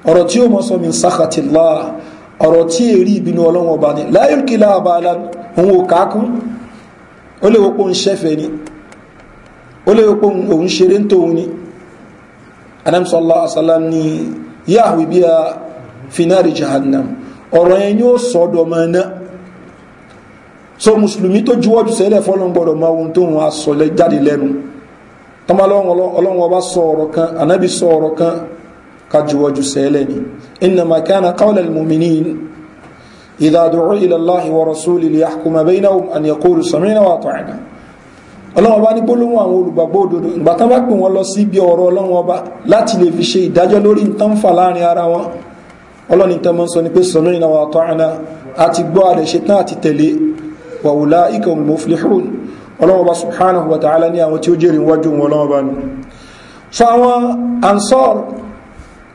ọ̀rọ̀ tí yóò máa sọ min sakhatillah ọ̀rọ̀ tí èrí ìbínú ọlọ́wọ́n ọba ni láyùn kí láàbà alá òun ò kákún ó lè wọ́pọ̀ ń ṣẹ́fẹ̀ẹ́ ni ó lè wọ́pọ̀ òun ṣeré ń tóun ni anamsọ́lá asálám ni yahweh finari jahannam ọ̀rọ̀ yẹn ni ó sọ́dọ̀ mọ́ náà so mùsùlùmí tó juwọ́jú sẹ́lẹ̀ fọ́lọ́n gbọ́dọ̀ máa ohun tó wọn a sọ jáde lẹ́nu tọ́mọ ọlọ́wọ́n kájúwọ́jú sẹ́lẹ̀ ni innama kana qawla al-mu'minin idha du'u ila allahi wa rasuli li yahkuma bainahum an yaqulu sami'na wa ata'na ọlọ́run ọba ní gbólóhùn àwọn olùgbàgbọ́ òdodo ìgbà tán bá pè wọ́n lọ sí ibi ọ̀rọ̀ ọlọ́run ọba láti lè fi ṣe ìdájọ́ lórí nǹkan fà láàrin ara wọn ọlọ́run nǹkan mọ́ sọ ni pé sọ̀rọ̀ ìnáwó àtọ́rìnà àti gbọ́ àdẹ̀ ṣetán àti tẹ̀lé wàwùlá ikọ̀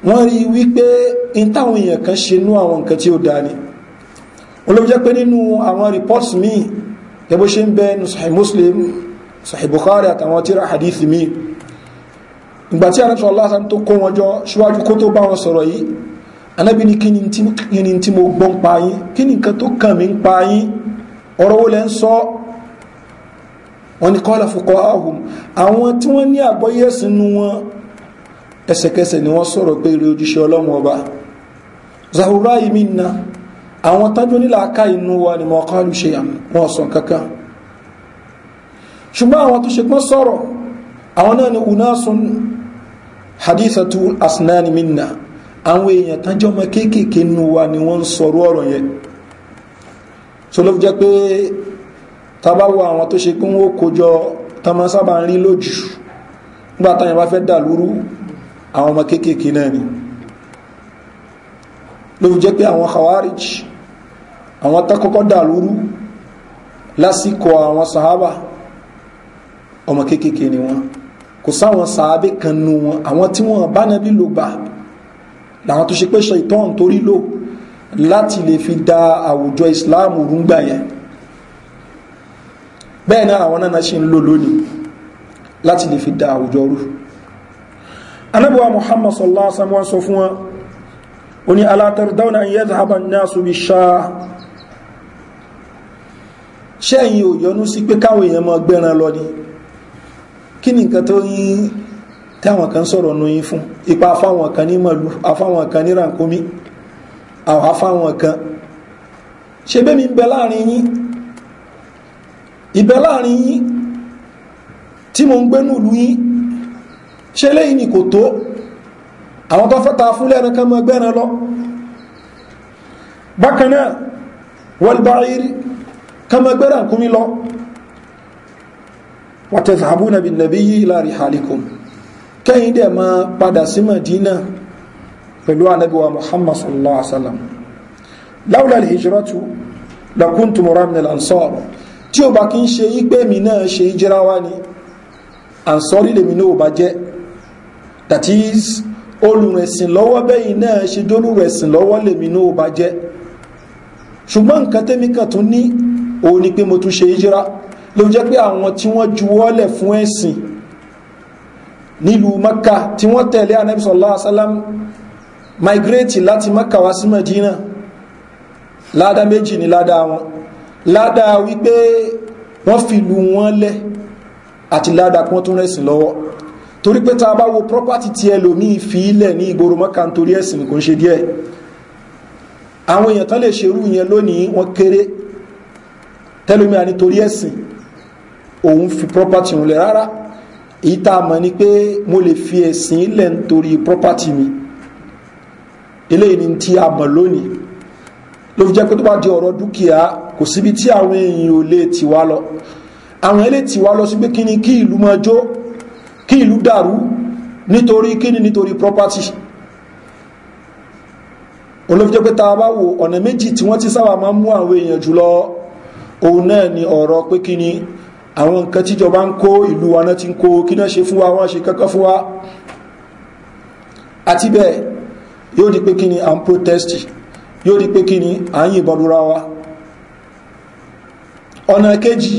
wọ́n rí wípé in táwọn èèyàn kan ṣe nú àwọn nǹkan tí ó dá ni olóòjọ́ jẹ́ pé nínú àwọn reports míì gẹ́gbó ṣe ń bẹ́ ní muslim sahih bukhari àtàwọn tíra hadith míì ìgbà tí anábì sallallahu alaihi wasallam tó kó wọn jọ ṣíwájú kó tó bá wọn sọ̀rọ̀ yìí anábì ní kí ni tí mo gbọ́n pa yín kí ni nǹkan tó kàn mí ń pa yín ọ̀rọ̀ wo lẹ́ ń sọ wọn ni qala fuqahum àwọn tí wọ́n ní àgbọ́yé ẹ̀sìn nu wọn ẹsẹ̀kẹsẹ̀ ni wọ́n sọ̀rọ̀ pé eré ojúṣe ọlọ́run ọba zahura ni wọn sọ kankan ṣùgbọ́n àwọn tó ṣe ni hadithatu asinani minna àwọn èèyàn tánjọ́ ọmọ kéékèèké wa ni wọ́n sọ̀rọ̀ ọ̀rọ̀ yẹn so ló jẹ́ pé tabawo àwọn tó ṣe pé wọ́n kójọ tamọ́ sábà ń rí lójú àwọn ọmọ kéékèèké náà ni ló fi jẹ́ pé àwọn khawarij àwọn takọ́kọ́ dàlúrú lásìkò àwọn sahaba ọmọ kéékèèké ni wọn kò sáwọn sàábé kan nu wọn àwọn tí wọn bá nàbí ló gbà làwọn tó ṣe pé ṣe ìtọ́hún torí lò láti lè fi da àwùjọ ìsìláàmù rúngbà yẹn bẹ́ẹ̀ náà àwọn náà ṣe ń lò lónìí láti lè fi da àwùjọ rú anábíwá muhammad sallallahu alaihi wasallam sọ fún wọn ó ní alátàrdáwọn an yadhhaba an-nasu bish-shah ṣé ẹ̀yin ò yọnú sí pé káwọn èèyàn máa gbẹ́ran lọ ni kí ni nǹkan tó yín táwọn kan sọ̀rọ̀ nù yín fún ipa afáwọn kan ní màlúù afáwọn kan ní rànkómi àwọn afáwọn kan ṣe bẹ́ẹ̀ mi ń bẹ láàrin yín ìbẹ láàrin yín tí mo ń gbénú ìlú yín ṣe lẹ́yìn ni kò tó àwọn tó fẹ́ta fún lẹ́ran kan mọ́ gbẹ́ran lọ bákanáà wọlbáyírí kan mọ́ gbẹ́ran kúmí lọ wàtẹ̀sàbú nàbí nàbí yìí láàrin halikun kẹ́yìn dẹ̀ ma padà sí madina pẹ̀lú anabiwa muhammad sallallahu alaihi wasallam láwùlá alhijiratu lakuntu mi náà ṣe ìjirawa ni ansori lèmi náà bá jẹ́ that is olùrẹ̀sìn lọ́wọ́ bẹ́yìn náà ṣe dólùrẹ̀sìn lọ́wọ́ lèmi náà bá jẹ́ ṣùgbọ́n nǹkan tẹ́mi kan tún ní òun ni pé mo tún ṣe yíra ló jẹ́ pé àwọn tí wọ́n juwọ́lẹ̀ fún ẹ̀sìn nílùú maka tí wọ́n tẹ̀lé anabi sallallahu alaihi wasallam migrate láti maka wá sí medina ládá méjì ni ládá wọn ládá wípé wọ́n fìlú wọn lẹ̀ àti ládá kí wọ́n tún rẹ̀sìn lọ́wọ́ torí pé ta bá wo property ti ẹlòmíì fi ilẹ̀ ní ìgboro mọ́ka nítorí ẹ̀sìn kò ń ṣe díẹ̀ àwọn èèyàn tán lè ṣerú yẹn lónìí wọn kéré tẹlómi ànítorí ẹ̀sìn òun fi property òun lẹ̀ rárá èyí tá a mọ̀ ni pé mo lè fi ẹ̀sìn ilẹ̀ nítorí property mi eléyìí ni ti a mọ̀ lónìí ló fi jẹ́ pé tó bá di ọ̀rọ̀ dúkìá kò síbi tí àwọn èèyàn ò lè tì wá lọ àwọn èèyàn lè wá lọ sí pé kí ni kí ìlú máa jó kí ìlú dàrú nítorí kíni nítorí property olófíjẹ́ pé ta bá wo ọ̀nà méjì tí wọ́n ti sábà máa mú àwọn èèyàn jùlọ òun náà ni ọ̀rọ̀ pé kíni àwọn nǹkan tíjọba ń kó ìlú wa náà ti ń kó kí náà ṣe fún wa wọ́n ṣe kankan fún wa àti bẹ́ẹ̀ yóò di pé kíni à ń protest yóò di pé kíni à ń yìnbọn lura wa ọ̀nà kejì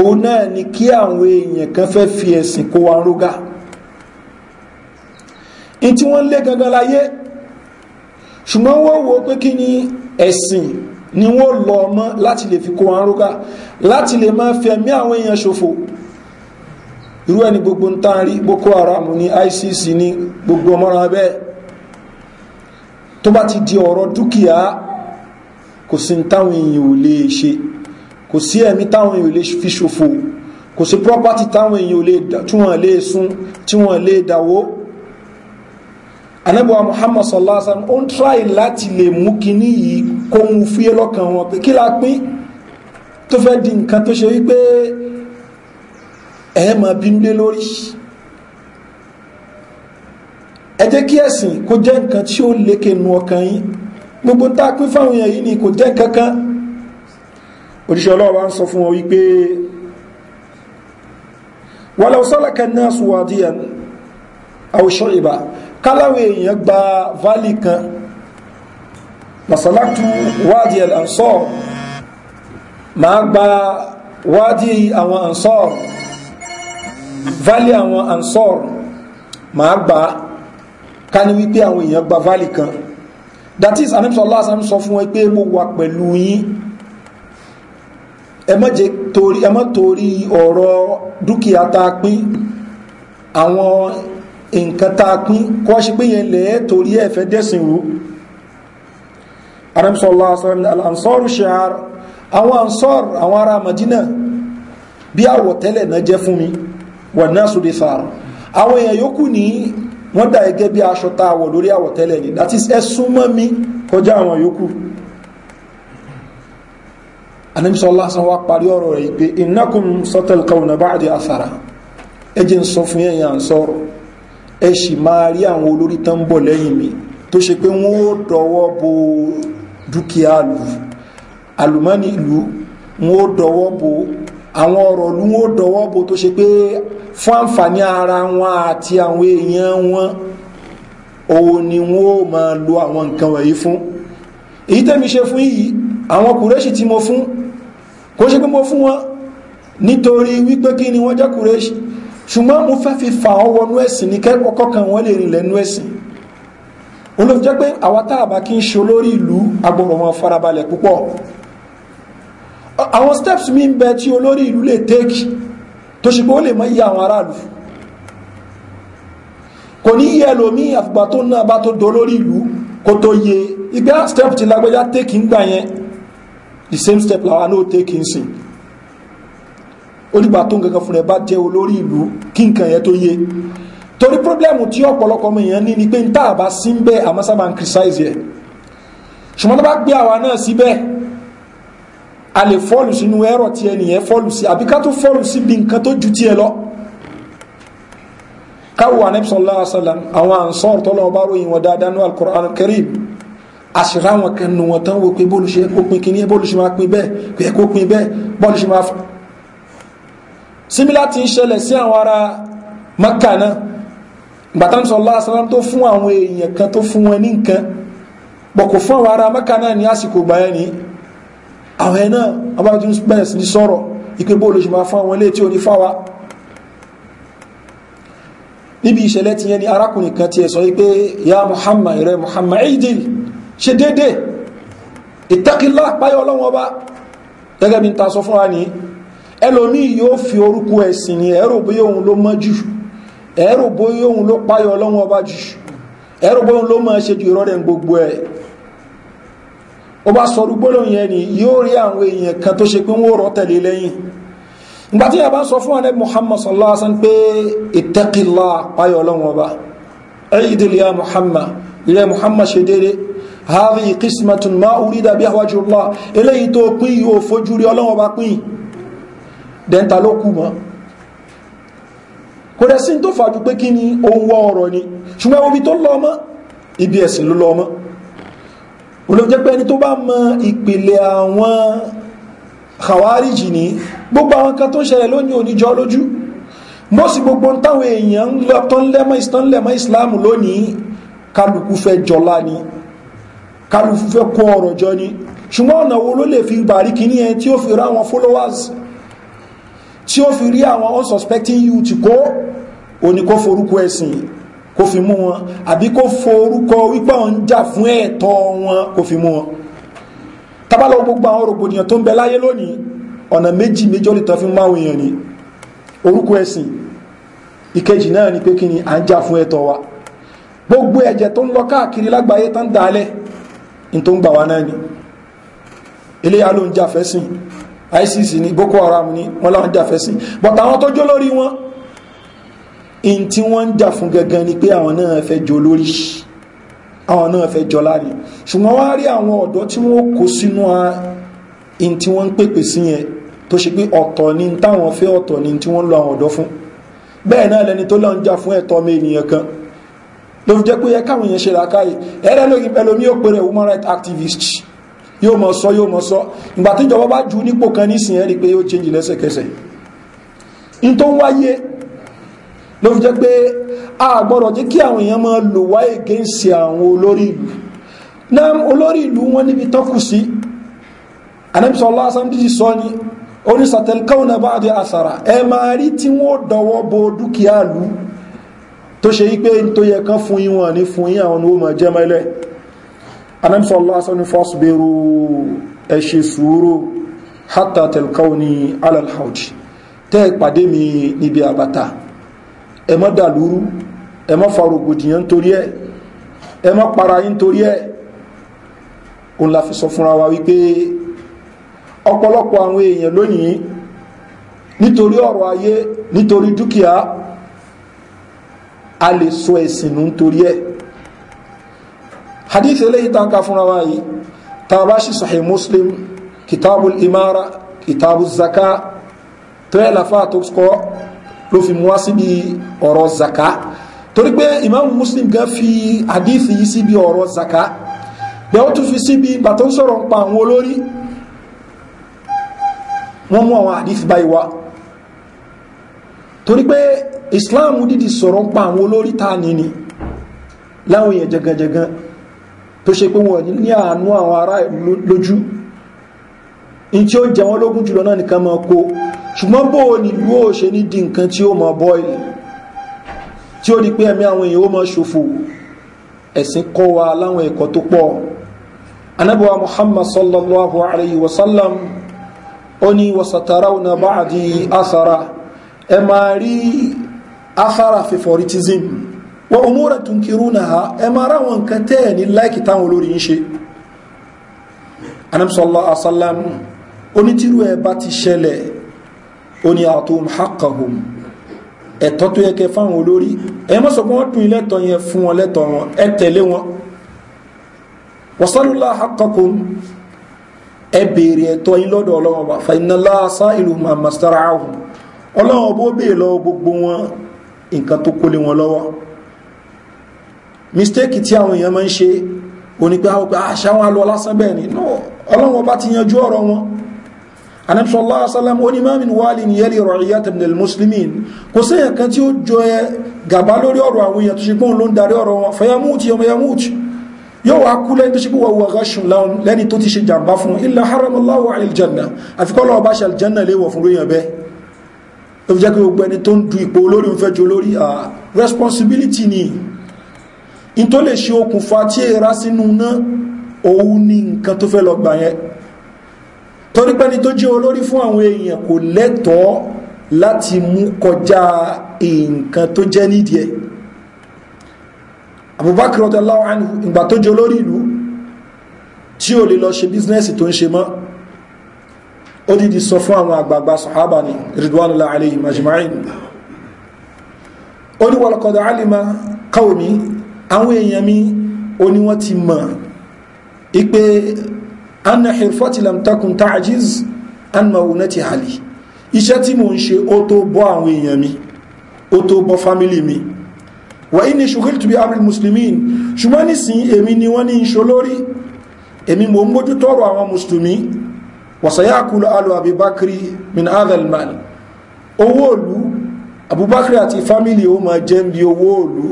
òun náà ni kí àwọn èèyàn kan fẹ́ fi ẹ̀sìn kó wa rúgá ní tí wọ́n lé gangan láyé ṣùgbọ́n wọ́n wo pé kí ni ẹ̀sìn ni wọ́n lọ ọmọ láti lè fi kó wa rúgá láti lè máa fi ẹ̀mí àwọn èèyàn ṣòfò irú ẹni gbogbo ń tán rí boko haram ní ICC ní gbogbo ọmọràn bẹ́ẹ̀ tó bá ti di ọ̀rọ̀ dúkìá kò sí táwọn èèyàn ò lè ṣe kò sí ẹ̀mí táwọn èèyàn lè fi ṣòfò kò sí property táwọn èèyàn tí wọ́n lè sun tí wọ́n lè dáwó anábíwá muhammad sallallahu alaihi wasallam ó ń tráì láti lè mú kíní yìí kó mú fúyé lọ́kàn wọn pé kí la pín tó fẹ́ di nǹkan tó ṣe wípé ẹ máa bínú lé lórí ẹ jẹ́ kí ẹ̀sìn kó jẹ́ nǹkan tí ó lékè ọkàn yín gbogbo tá a pín fáwọn èèyàn yìí ni kò jẹ́ nǹkan òjíṣẹ́ ọlọ́wọ́ bá ń sọ fún wọn wípé walau salaka an-nasu wadiyan aw shu'ba káláwé èèyàn gba válì kan masalaktu wadi al-ansar máa gba wadi àwọn ansar válì àwọn ansar máa gba ká ní wípé àwọn èèyàn gba válì kan that is anamsọ sọ fún wọn pé mo wà pẹ̀lú yín ẹ torí dukiya taa ọ̀rọ̀ dúkìá taa pín àwọn nǹkan tá pín kọ́ ṣe pé yẹn lẹ́ẹ̀ torí ẹ̀ dẹ́sìn rú aramsọ́lá ansọ́rù àwọn fún mi wà náà sóde fàárọ̀ àwọn èèyàn yókù ní wọ́n bi bí aṣọ a ni that is ẹ súnmọ́ mi kọjá anamisa ọlásán wá parí ọ̀rọ̀ rẹ̀ pé inákùn sọ́tẹ̀lkọ̀ọ̀nà bá àdé àsàrà ẹjẹ́ ń sọ fún ẹ̀yà ń sọ́rọ̀ ẹ sì máa rí àwọn olórí tán bọ̀ lẹ́yìn mi tó ṣe pé wọ́n ó dọwọ́ bo dúkìá àlù àlùmọ́nì ìlú wọ́n ó dọwọ́ bo àwọn ọ̀rọ̀ ìlú wọ́n ó dọwọ́ bo tó ṣe pé fún àǹfààní ara wọn àti àwọn èèyàn wọn òun ni wọ́n ó máa lo àwọn nǹkan wọ̀nyí fún èyí tẹ́mi ṣe fún yìí àwọn kùrẹ́ṣì tí mo fún kò ṣe pé mo fún wọn nítorí wípé kí ni wọ́n jẹ́ kùrẹ́ṣì ṣùgbọ́n mo fẹ́ fi fà ọ́ wọnú ẹ̀sìn ní kẹ́kọ̀ọ́ kan wọ́n lè rìn lẹ́nu ẹ̀sìn olóòfin pé àwa tá kí ń ṣe olórí ìlú agbọ̀rọ̀ wọn farabalẹ̀ púpọ̀ àwọn steps mi ń bẹ tí olórí ìlú lè take tó ṣe pé ó lè mọ iye àwọn aráàlú kò ní yẹ ẹlòmí àfìgbà tó náà bá tó dolórí ìlú kó tó yẹ ìgbà step ti lágbẹ́já take ń gbà yẹn the same step làwa náà take in sin ó dìgbà tó nǹkan kan fún ẹ bá jẹ́ olórí ìlú kí nǹkan yẹn tó yé torí pírọ́blẹ́mù tí ọ̀pọ̀lọpọ̀ ọmọ èèyàn ní ni pé ń àbá sí ń bẹ́ àmọ́ ń criticize ẹ̀ ṣùgbọ́n tó bá gbé àwa náà síbẹ̀ a lè fọ́ọ̀lù sínú ẹ̀rọ tí ẹnìyẹn fọ́ọ̀lù sí àbí ká tó fọ́ọ̀lù sí bí nǹkan tó ju tí ẹ lọ káwọ anẹ́bísọ̀lá àwọn àǹsọ́ọ̀rọ̀ tọ́lọ́ ọba ròyìn wọn dáadáa ní alukur'an karim àṣírá wọn kan nù wọn tán wo pé bóòlù ṣe kó pin kíní bóòlù ṣe máa pin bẹ́ẹ̀ pé kó pin bẹ́ẹ̀ bóòlù ṣe máa fa símílá ti ń ṣẹlẹ̀ sí àwọn ará Makka náà gbàtàn sallallahu alaihi wasallam tó fún àwọn èèyàn kan tó fún wọn ní nǹkan bọ̀ kò fún àwọn ará Makka náà ní àsìkò gbàyẹn ní àwọn ẹ̀ náà ọba tó ń bẹ̀rẹ̀ sí sọ̀rọ̀ ìpé bóòlù ṣe máa fún àwọn ilé tí ò ní fáwa níbi ìṣẹ̀lẹ̀ ti yẹn ni arákùnrin kan ti ẹ̀ sọ wípé ya Muhammad rẹ Muhammad idil ṣe dédé ìtẹ́kílá páyọ ọlọ́wọ́n ọba gẹ́gẹ́ bí n ta sọ fún wa ní ẹlòmí yóò fi orúkú ẹ̀sìn ní ẹ̀rọ bóyá òun ló mọ́ jù ẹ̀rọ bóyá òun ló páyọ ọlọ́wọ́n ọba jù ẹ̀rọ bóyá òun ló mọ́ ṣe ju ìrọ́rẹ̀ gbogbo ẹ̀ ó bá sọ orúgbó lóyìn Muhammad ṣe déédéé هذه قسمة ما أريد بها وجه الله إليه توقي وفجر الله وبقي دين تلوكما kò dẹ̀ sí tó fàájú pé kí ni ohun wọ́ ọ̀rọ̀ ni ṣùgbọ́n omi tó lọ mọ́ ibi ẹ̀sìn ló lọ mọ́ olóòjẹ́ pé ẹni tó bá mọ ìpìlẹ̀ àwọn kàwáríjì ní gbogbo àwọn kan tó ń ṣẹlẹ̀ lónìí oníjọ́ lójú mọ́sí gbogbo táwọn èèyàn tán lẹ́mọ́ ìsìlámù lónìí kálukú fẹ́ jọlá ni kálukú fẹ́ kó ọ̀rọ̀ jọ ni ṣùgbọ́n ọ̀nà wo ló lè fi bàrí kìíní ẹ tí ó fi rá àwọn followers tí ó fi rí àwọn unsuspecting youth kó òní kó forúkọ ẹ̀sìn kó fi mú wọn àbí kó forúkọ wípé wọn ń jà fún ẹ̀tọ́ wọn kó fi mú wọn tábàlọ́ gbogbo àwọn rògbòdìyàn tó ń bẹ láyé lónìí ọ̀nà méjì méjì lè tán fi mú èèyàn ni orúkọ ẹ̀sìn ìkejì náà ni pé kí ni à ń jà fún ẹ̀tọ́ wa gbogbo ẹ̀jẹ̀ tó ń lọ káàkiri lágbàáyé tán dálẹ̀ ní tó ń gbà wá náà ni eléyà ló ń jàfẹ́sìn ISIS ni Boko Haram ni wọ́n láwọn jàfẹ́sìn but àwọn tó jó lórí wọn in tí wọ́n ń jà fún gangan ni pé àwọn náà fẹ́ jó lórí àwọn náà fẹ́ jọ láàrí ṣùgbọ́n wá rí àwọn ọ̀dọ́ tí wọ́n kó sínú a in tí wọ́n ń pèpè sí yẹn tó ṣe pé ọ̀tọ̀ ni táwọn fẹ́ ọ̀tọ̀ ni tí wọ́n ń lo àwọn ọ̀dọ́ fún bẹ́ẹ̀ náà lẹni tó lọ ń jà fún ẹ̀tọ́ ọmọ ènìyàn kan ló fi jẹ́ pé yẹ káwọn èèyàn ṣe làákàyè ẹ̀rẹ́ lórí ẹlòmí ò pèrè human rights activist yóò mọ̀ sọ yóò mọ̀ sọ ìgbà tí ìjọba bá ju nípò kan nísìn ẹ̀rí pé yóò change lẹ́sẹ̀kẹsẹ̀ n tó ń wáyé ló fi jẹ́ pé a gbọ́dọ̀ jẹ́ kí àwọn èèyàn máa lò wá against àwọn olórí ìlú náà olórí ìlú wọn níbi tọ́kù sí anẹ́bísọ̀ lásán díjì sọ ni onísàtẹ̀lẹ́kọ̀ọ́nà bá di àsàrà ẹ máa rí tí wọ́n dọwọ́ bo dúkìá lù tó ṣe yí pé tó yẹ kán fún yín wọn ní fún yín àwọn ni ó mọ̀ jẹ́ mẹ́lẹ̀ anamsọ lásán ní fọ́sbẹ̀rù ẹ ṣe sùúrù hátà ní tẹ́ mi níbi àbàtà ẹ má dàlúrú ẹ má fa rògbòdìyàn torí ẹ ẹ má para yín torí ẹ òun la nítorí ọ̀rọ̀ ayé nítorí dúkìá a lè sọ ẹ̀sìn nù nítorí ẹ̀ hadith eléyìí tá n ka fúnra wa yìí tá a bá ṣe sahih muslim kitabul imara kitabu zaka tó yẹ lafa tó kọ́ ló fi mú wá síbi ọ̀rọ̀ zaka torí pé imam muslim gan fi hadith yìí síbi ọ̀rọ̀ zaka bẹ́ẹ̀ ó tún fi síbi bàtọ́ sọ̀rọ̀ pa àwọn olórí wọ́n mú àwọn hadith báyìí wá torí pé islam dídì sọ̀rọ̀ ń pa àwọn olórí ta ní ni láwọn èèyàn jẹgẹjẹgan tó ṣe pé wọ́n ní àánú àwọn ará lójú in tí ó jẹ wọ́n lógún jùlọ náà nìkan máa kó ṣùgbọ́n bó o nílùú ó ṣe ní di nǹkan tí ó máa bọ́ tí ó di pé ẹ̀mí àwọn èèyàn ó máa ṣòfò ẹ̀sìn kọ́ wa láwọn ẹ̀kọ́ tó pọ̀ anábọ̀wá muhammad sallallahu alayhi wa sallam ó ní wasatara una ba'adi asara ẹ máa rí afárá favoritism wa umura tunkirunaha ẹ máa ráwọn nǹkan tẹ́ ẹ̀ ní láìkì táwọn olórí ń ṣe anamsọ́lá asálám onítìrú ẹ bá ti ṣẹlẹ̀ oní àtòm haqqahum ẹ̀tọ́ tó yẹ kẹ fáwọn olórí ẹ má sọ pé wọ́n tún ilẹ̀tọ̀ yẹn fún wọn lẹ́tọ̀ wọn ẹ tẹ̀lé wọn wasalula haqqakum ẹ béèrè ẹ̀tọ́ yín lọ́dọ̀ ọlọ́wọ́n bá fa inna Allaha sa'iluhum amma stara'ahum ọlọ́wọ́ bó bèè lọ gbogbo wọn nǹkan tó kólé wọn lọ́wọ́ mistake tí àwọn èèyàn máa ń ṣe onígbà ọgbà àṣàwọn alọ́ lásán bẹ́ẹ̀ ni no ọlọ́wọ́ bá ti yanjú ọ̀rọ̀ wọn anamsọ́lá asálám ó ní máa mi wà lè níyẹ́lì rọ̀ríyá tẹ̀mìnlẹ̀ muslimin kò sẹ́yìn kan tí ó jọ ẹ gàbá lórí ọ̀rọ̀ àwọn èèyàn tó ṣe gbóhùn ló ń darí ọ̀rọ̀ wọn fayamúti ọmọ yamúti yóò wá kú lẹ́ni tó ṣe ló fi jẹ́ pé gbogbo ẹni tó ń du ipò olórí ń fẹ́ ju olórí responsibility ni in tó lè ṣe okùnfà tí èra sínú náà òun ni nǹkan tó fẹ́ lọ gbà yẹn torí pẹ́ni tó jẹ́ olórí fún àwọn èèyàn kò lẹ́tọ̀ọ́ láti mú kọjá nǹkan tó jẹ́ nídìí ẹ̀ Abubakar radiyallahu anhu ìgbà tó jẹ́ olórí ìlú tí ò lè lọ ṣe bísínẹ́sì tó ń ṣe mọ́ ó dìdí sọ fún àwọn àgbààgbà sàhábà ní ridwanullah alayhim ajma'in ó ní walaqad alima qawmi àwọn èèyàn mi ó ní wọ́n ti mọ̀ ipe anna hirfati lam takun ta'jiz an maunati hali iṣẹ́ tí mo ń ṣe ó tó bọ́ àwọn èèyàn mi ó tó bọ́ fámílì mi wà ní ṣùgbọ́n bí amri muslimin ṣùgbọ́n nísìn èmi ni wọ́n ní ṣolórí wàsàyàkùlù alù àbíbákiri min adal man owó òlú abubakar àti fámílì ó ma jẹ́ bí owó òlú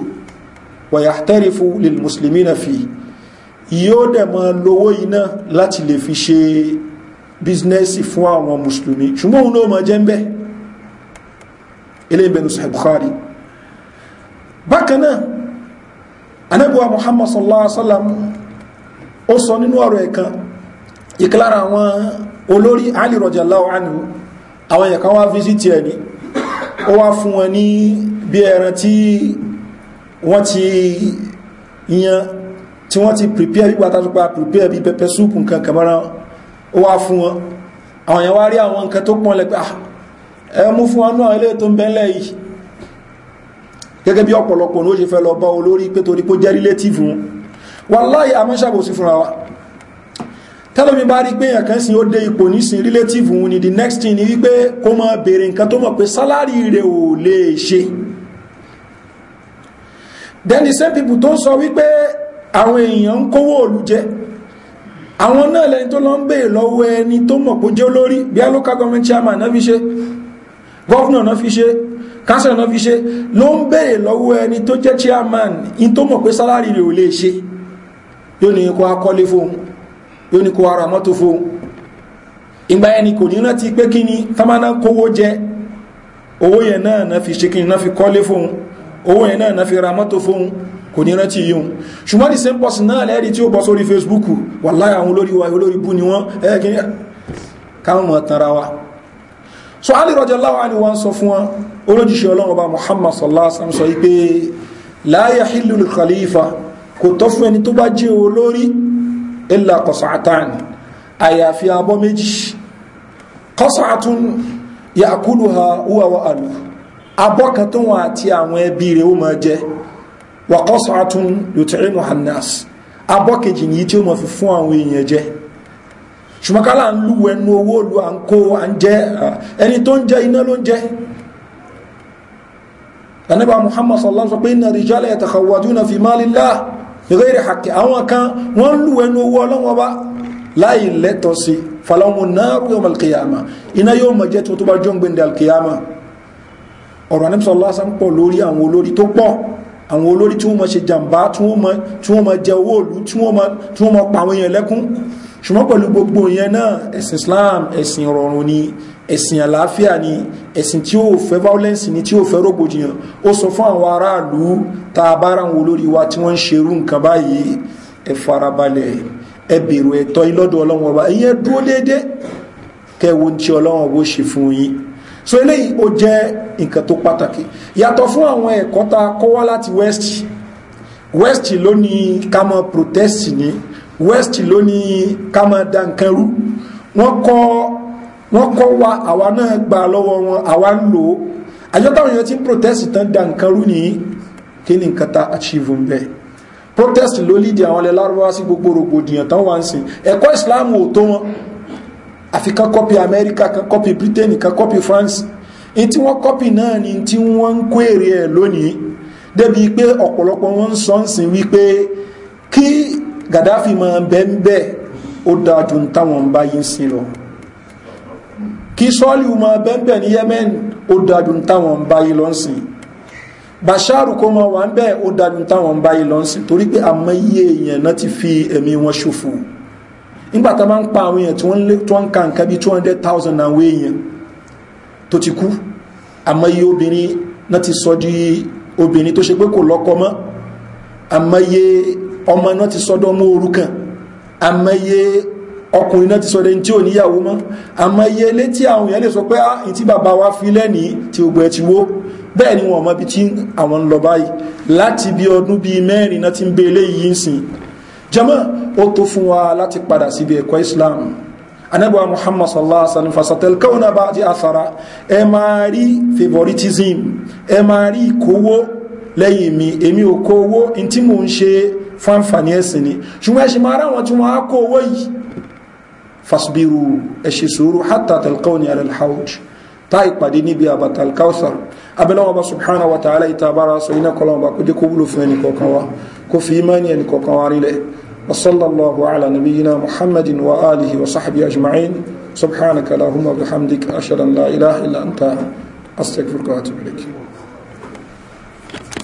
wàyà tẹ́rìfù lil musulmi na fi yóò dẹ̀ ma lówó iná láti lè fi ṣe bíznẹ́sì fún àwọn musulmi ṣùgbọ́n òun ló ma jẹ́ bẹ́ ilé ìbẹ̀nu sahib bákanáà anábíwá muhammad sallallahu alaihi wasallam ó sọ nínú ọ̀rọ̀ ẹ̀kan ìkìlára àwọn olórí ali rọ̀jàláwà ánú àwọn èèyàn kan wá fíṣítì ẹ̀ ní ó wá fún wọn ní bí ẹran tí wọ́n ti yan tí wọ́n ti prepare bí pátápá prepare bí pepper soup nǹkan kàmọ́ra ó wá fún wọn àwọn èèyàn wá rí àwọn nǹkan tó pọ́n lẹ́pẹ́ ah, ẹ mú fún wọn náà tẹ́lómi bá rí gbéyàn kan sí ó dé ipò nísìn relative òun ni the next thing ni wípé kó mọ́ bèèrè nǹkan tó mọ̀ pé sálárì rẹ̀ ò lè ṣe then the same people tó ń sọ wípé àwọn èèyàn ń kówó òlù jẹ àwọn náà lẹni tó lọ ń bèèrè lọ́wọ́ ẹni tó mọ̀ pé jẹ́ olórí bí local government chairman náà fi ṣe governor náà fi ṣe council náà fi ṣe ló ń bèèrè lọ́wọ́ ẹni tó jẹ́ chairman in tó mọ̀ pé sálárì rẹ̀ ò lè ṣe yóò ní kó akọ́lé fóun yóò ní kó ara mọ́tò fún ìgbà ẹni kò ní rántí pé kí ni tamana kówó jẹ owó yẹn náà na fi ṣe kí ni na fi kọ́lé fún owó yẹn náà na fi ra mọ́tò fún kò ní rántí yíò ṣùgbọ́n the same person náà lẹ́rí tí ó bọ́ sórí facebook wàláyà àwọn olórí wa olórí bú ni wọ́n ẹ́ kí káwọn mọ̀ tanra wa so ali rọjọ láwọn ni wọ́n sọ fún wọn olójíṣẹ́ ọlọ́run ọba muhammad sallallahu alaihi wasallam sọ wípé láyà hìlú khalifa kò tọ́ fún ẹni tó bá jẹ́ olórí illa qas'atan àyàfi abọ́ méjì qas'atun ya'kuluha huwa wa alu abọ́ kan tó wọn àti àwọn ẹbí rẹ̀ ó máa jẹ wa qas'atun yut'imuha an-nas abọ́ kejì nìyí tí ó máa fi fún àwọn èèyàn jẹ ṣùgbọ́n kálá ń lú ẹnu owó olú à ń kó à ń jẹ ẹni tó ń jẹ iná ló ń jẹ Ànábì Muhammad sallallahu alaihi wa sallam sọ pé inna rijala yatakhawwaduna fi malillah ìgbéyìí hàkì àwọn kan wọ́n lù ẹnu owó ọlọ́wọ́ bá láì lẹ́tọ̀ sí falamu náàrù yawm alkiyama iná yóò mọ̀ jẹ́ tó tó bá jọ́ ń gbé ní alkiyama ọ̀rọ̀ anẹ́bísọ̀ lásán pọ̀ lórí àwọn olórí tó pọ̀ àwọn olórí tí wọ́n mọ̀ ṣe jàǹbá tí wọ́n mọ̀ jẹ owó òlú tí wọ́n mọ̀ pa àwọn èèyàn lẹ́kún ṣùgbọ́n pẹ̀lú gbogbo ìyẹn náà ẹ̀sìn Islam ẹ̀sìn ìrọ̀rùn ni ẹ̀sìn àlàáfíà ni ẹ̀sìn tí ó fẹ́ violence ni tí ó fẹ́ rògbòdìyàn ó sọ fún àwọn aráàlú tá a bá ra àwọn olórí wa tí wọ́n ń ṣerú nǹkan báyìí ẹ farabalẹ̀ ẹ bèrò ẹ̀tọ́ yín Ọlọ́run ọba ìyẹn dúró déédéé kẹwo tí Ọlọ́run ọba ó ṣe fún yín so eléyìí ó jẹ́ nǹkan tó pàtàkì yàtọ̀ fún àwọn ẹ̀kọ́ ta kó wá láti west west ló ní ká mọ protest ní west ló ní ká mọ da nǹkan rú wọ́n kọ́ wọ́n kọ́ wa àwa náà gbà lọ́wọ́ wọn àwa ń lò ó àjọ táwọn èèyàn ti ń protest tán da nǹkan rú nìyí kí ni nǹkan ta achieve ń bẹ́ẹ̀ protest ló lídìí àwọn ilẹ̀ sí gbogbo rògbòdìyàn tán wá ń sìn ẹ̀kọ́ ìsìláàmù ò tó wọn àfi kan kọ́pì amẹ́ríkà kan kọ́pì britain kan kọ́pì france in tí wọ́n kọ́pì náà ni tí wọ́n ń kó èrè ẹ̀ lónìí débi pé ọ̀pọ̀lọpọ̀ wọn ń sọ ń sìn wípé kí gaddafi máa bẹ́ńbẹ́ ó dáa ju táwọn bá yín sí lọ kí sọ́ọ̀lì máa bẹ́ńbẹ́ ní yemen ó dáa ju táwọn bá yín lọ sìn basharu kó máa wà ń bẹ́ẹ̀ ó dáa ju táwọn bá yín lọ sìn torí pé àmọ́ iye èèyàn náà ti fi ẹ̀mí wọn ṣòfò nígbà tó máa ń pa àwọn èèyàn tí wọ́n ń ka nǹkan bí 200,000 àwọn èèyàn tó ti kú àmọ́ iye obìnrin náà ti sọ di obìnrin tó ṣe pé kò lọ́kọ mọ́ àmọ́ iye ọmọ náà ti sọ́dọ̀ mú orúkàn àmọ́ iye ọkùnrin náà ti sọ́dọ̀ tí ò níyàwó mọ́ àmọ́ iye tí àwọn èèyàn lè sọ pé ààyè ah, tí bàbá wa fi lẹ́ni tí gbogbo ẹ̀ ti wó bẹ́ẹ̀ ni wọn ọmọ bí tí àwọn ń lọ báyìí láti bí ọdún bíi mẹ́rin náà ti ń bẹ eléyìí ń jama ó tó fún wa láti padà síbi ẹ̀kọ́ islam anabiwa muhammad sallallahu alaihi wasallam fasatel kauna ba ti asara ẹ máa rí favoritism ẹ máa rí ìkówó lẹ́yìn mi èmi ò kó owó in tí mò ń ṣe fáǹfààní ẹ̀sìn ni ṣùgbọ́n ẹ̀ṣẹ̀ máa ráwọn tí wọ́n á kó owó yìí fasbiru ẹ̀ṣẹ̀ sùúrù hatta talqawni ala alhawj ta ìpàdé níbi àbàtà abẹ́lẹ́wọ̀n bá subhanahu wa ta'ala ìta sọ iná kọlọ́wọ́n bá kó dé kó wúlò fún ẹnì kọ̀ọ̀kan wa كفي من ينكو يعني قواريله وصلى الله على نبينا محمد وآله وصحبه أجمعين سبحانك اللهم وبحمدك أشهد أن لا إله إلا أنت أستغفرك وأتوب إليك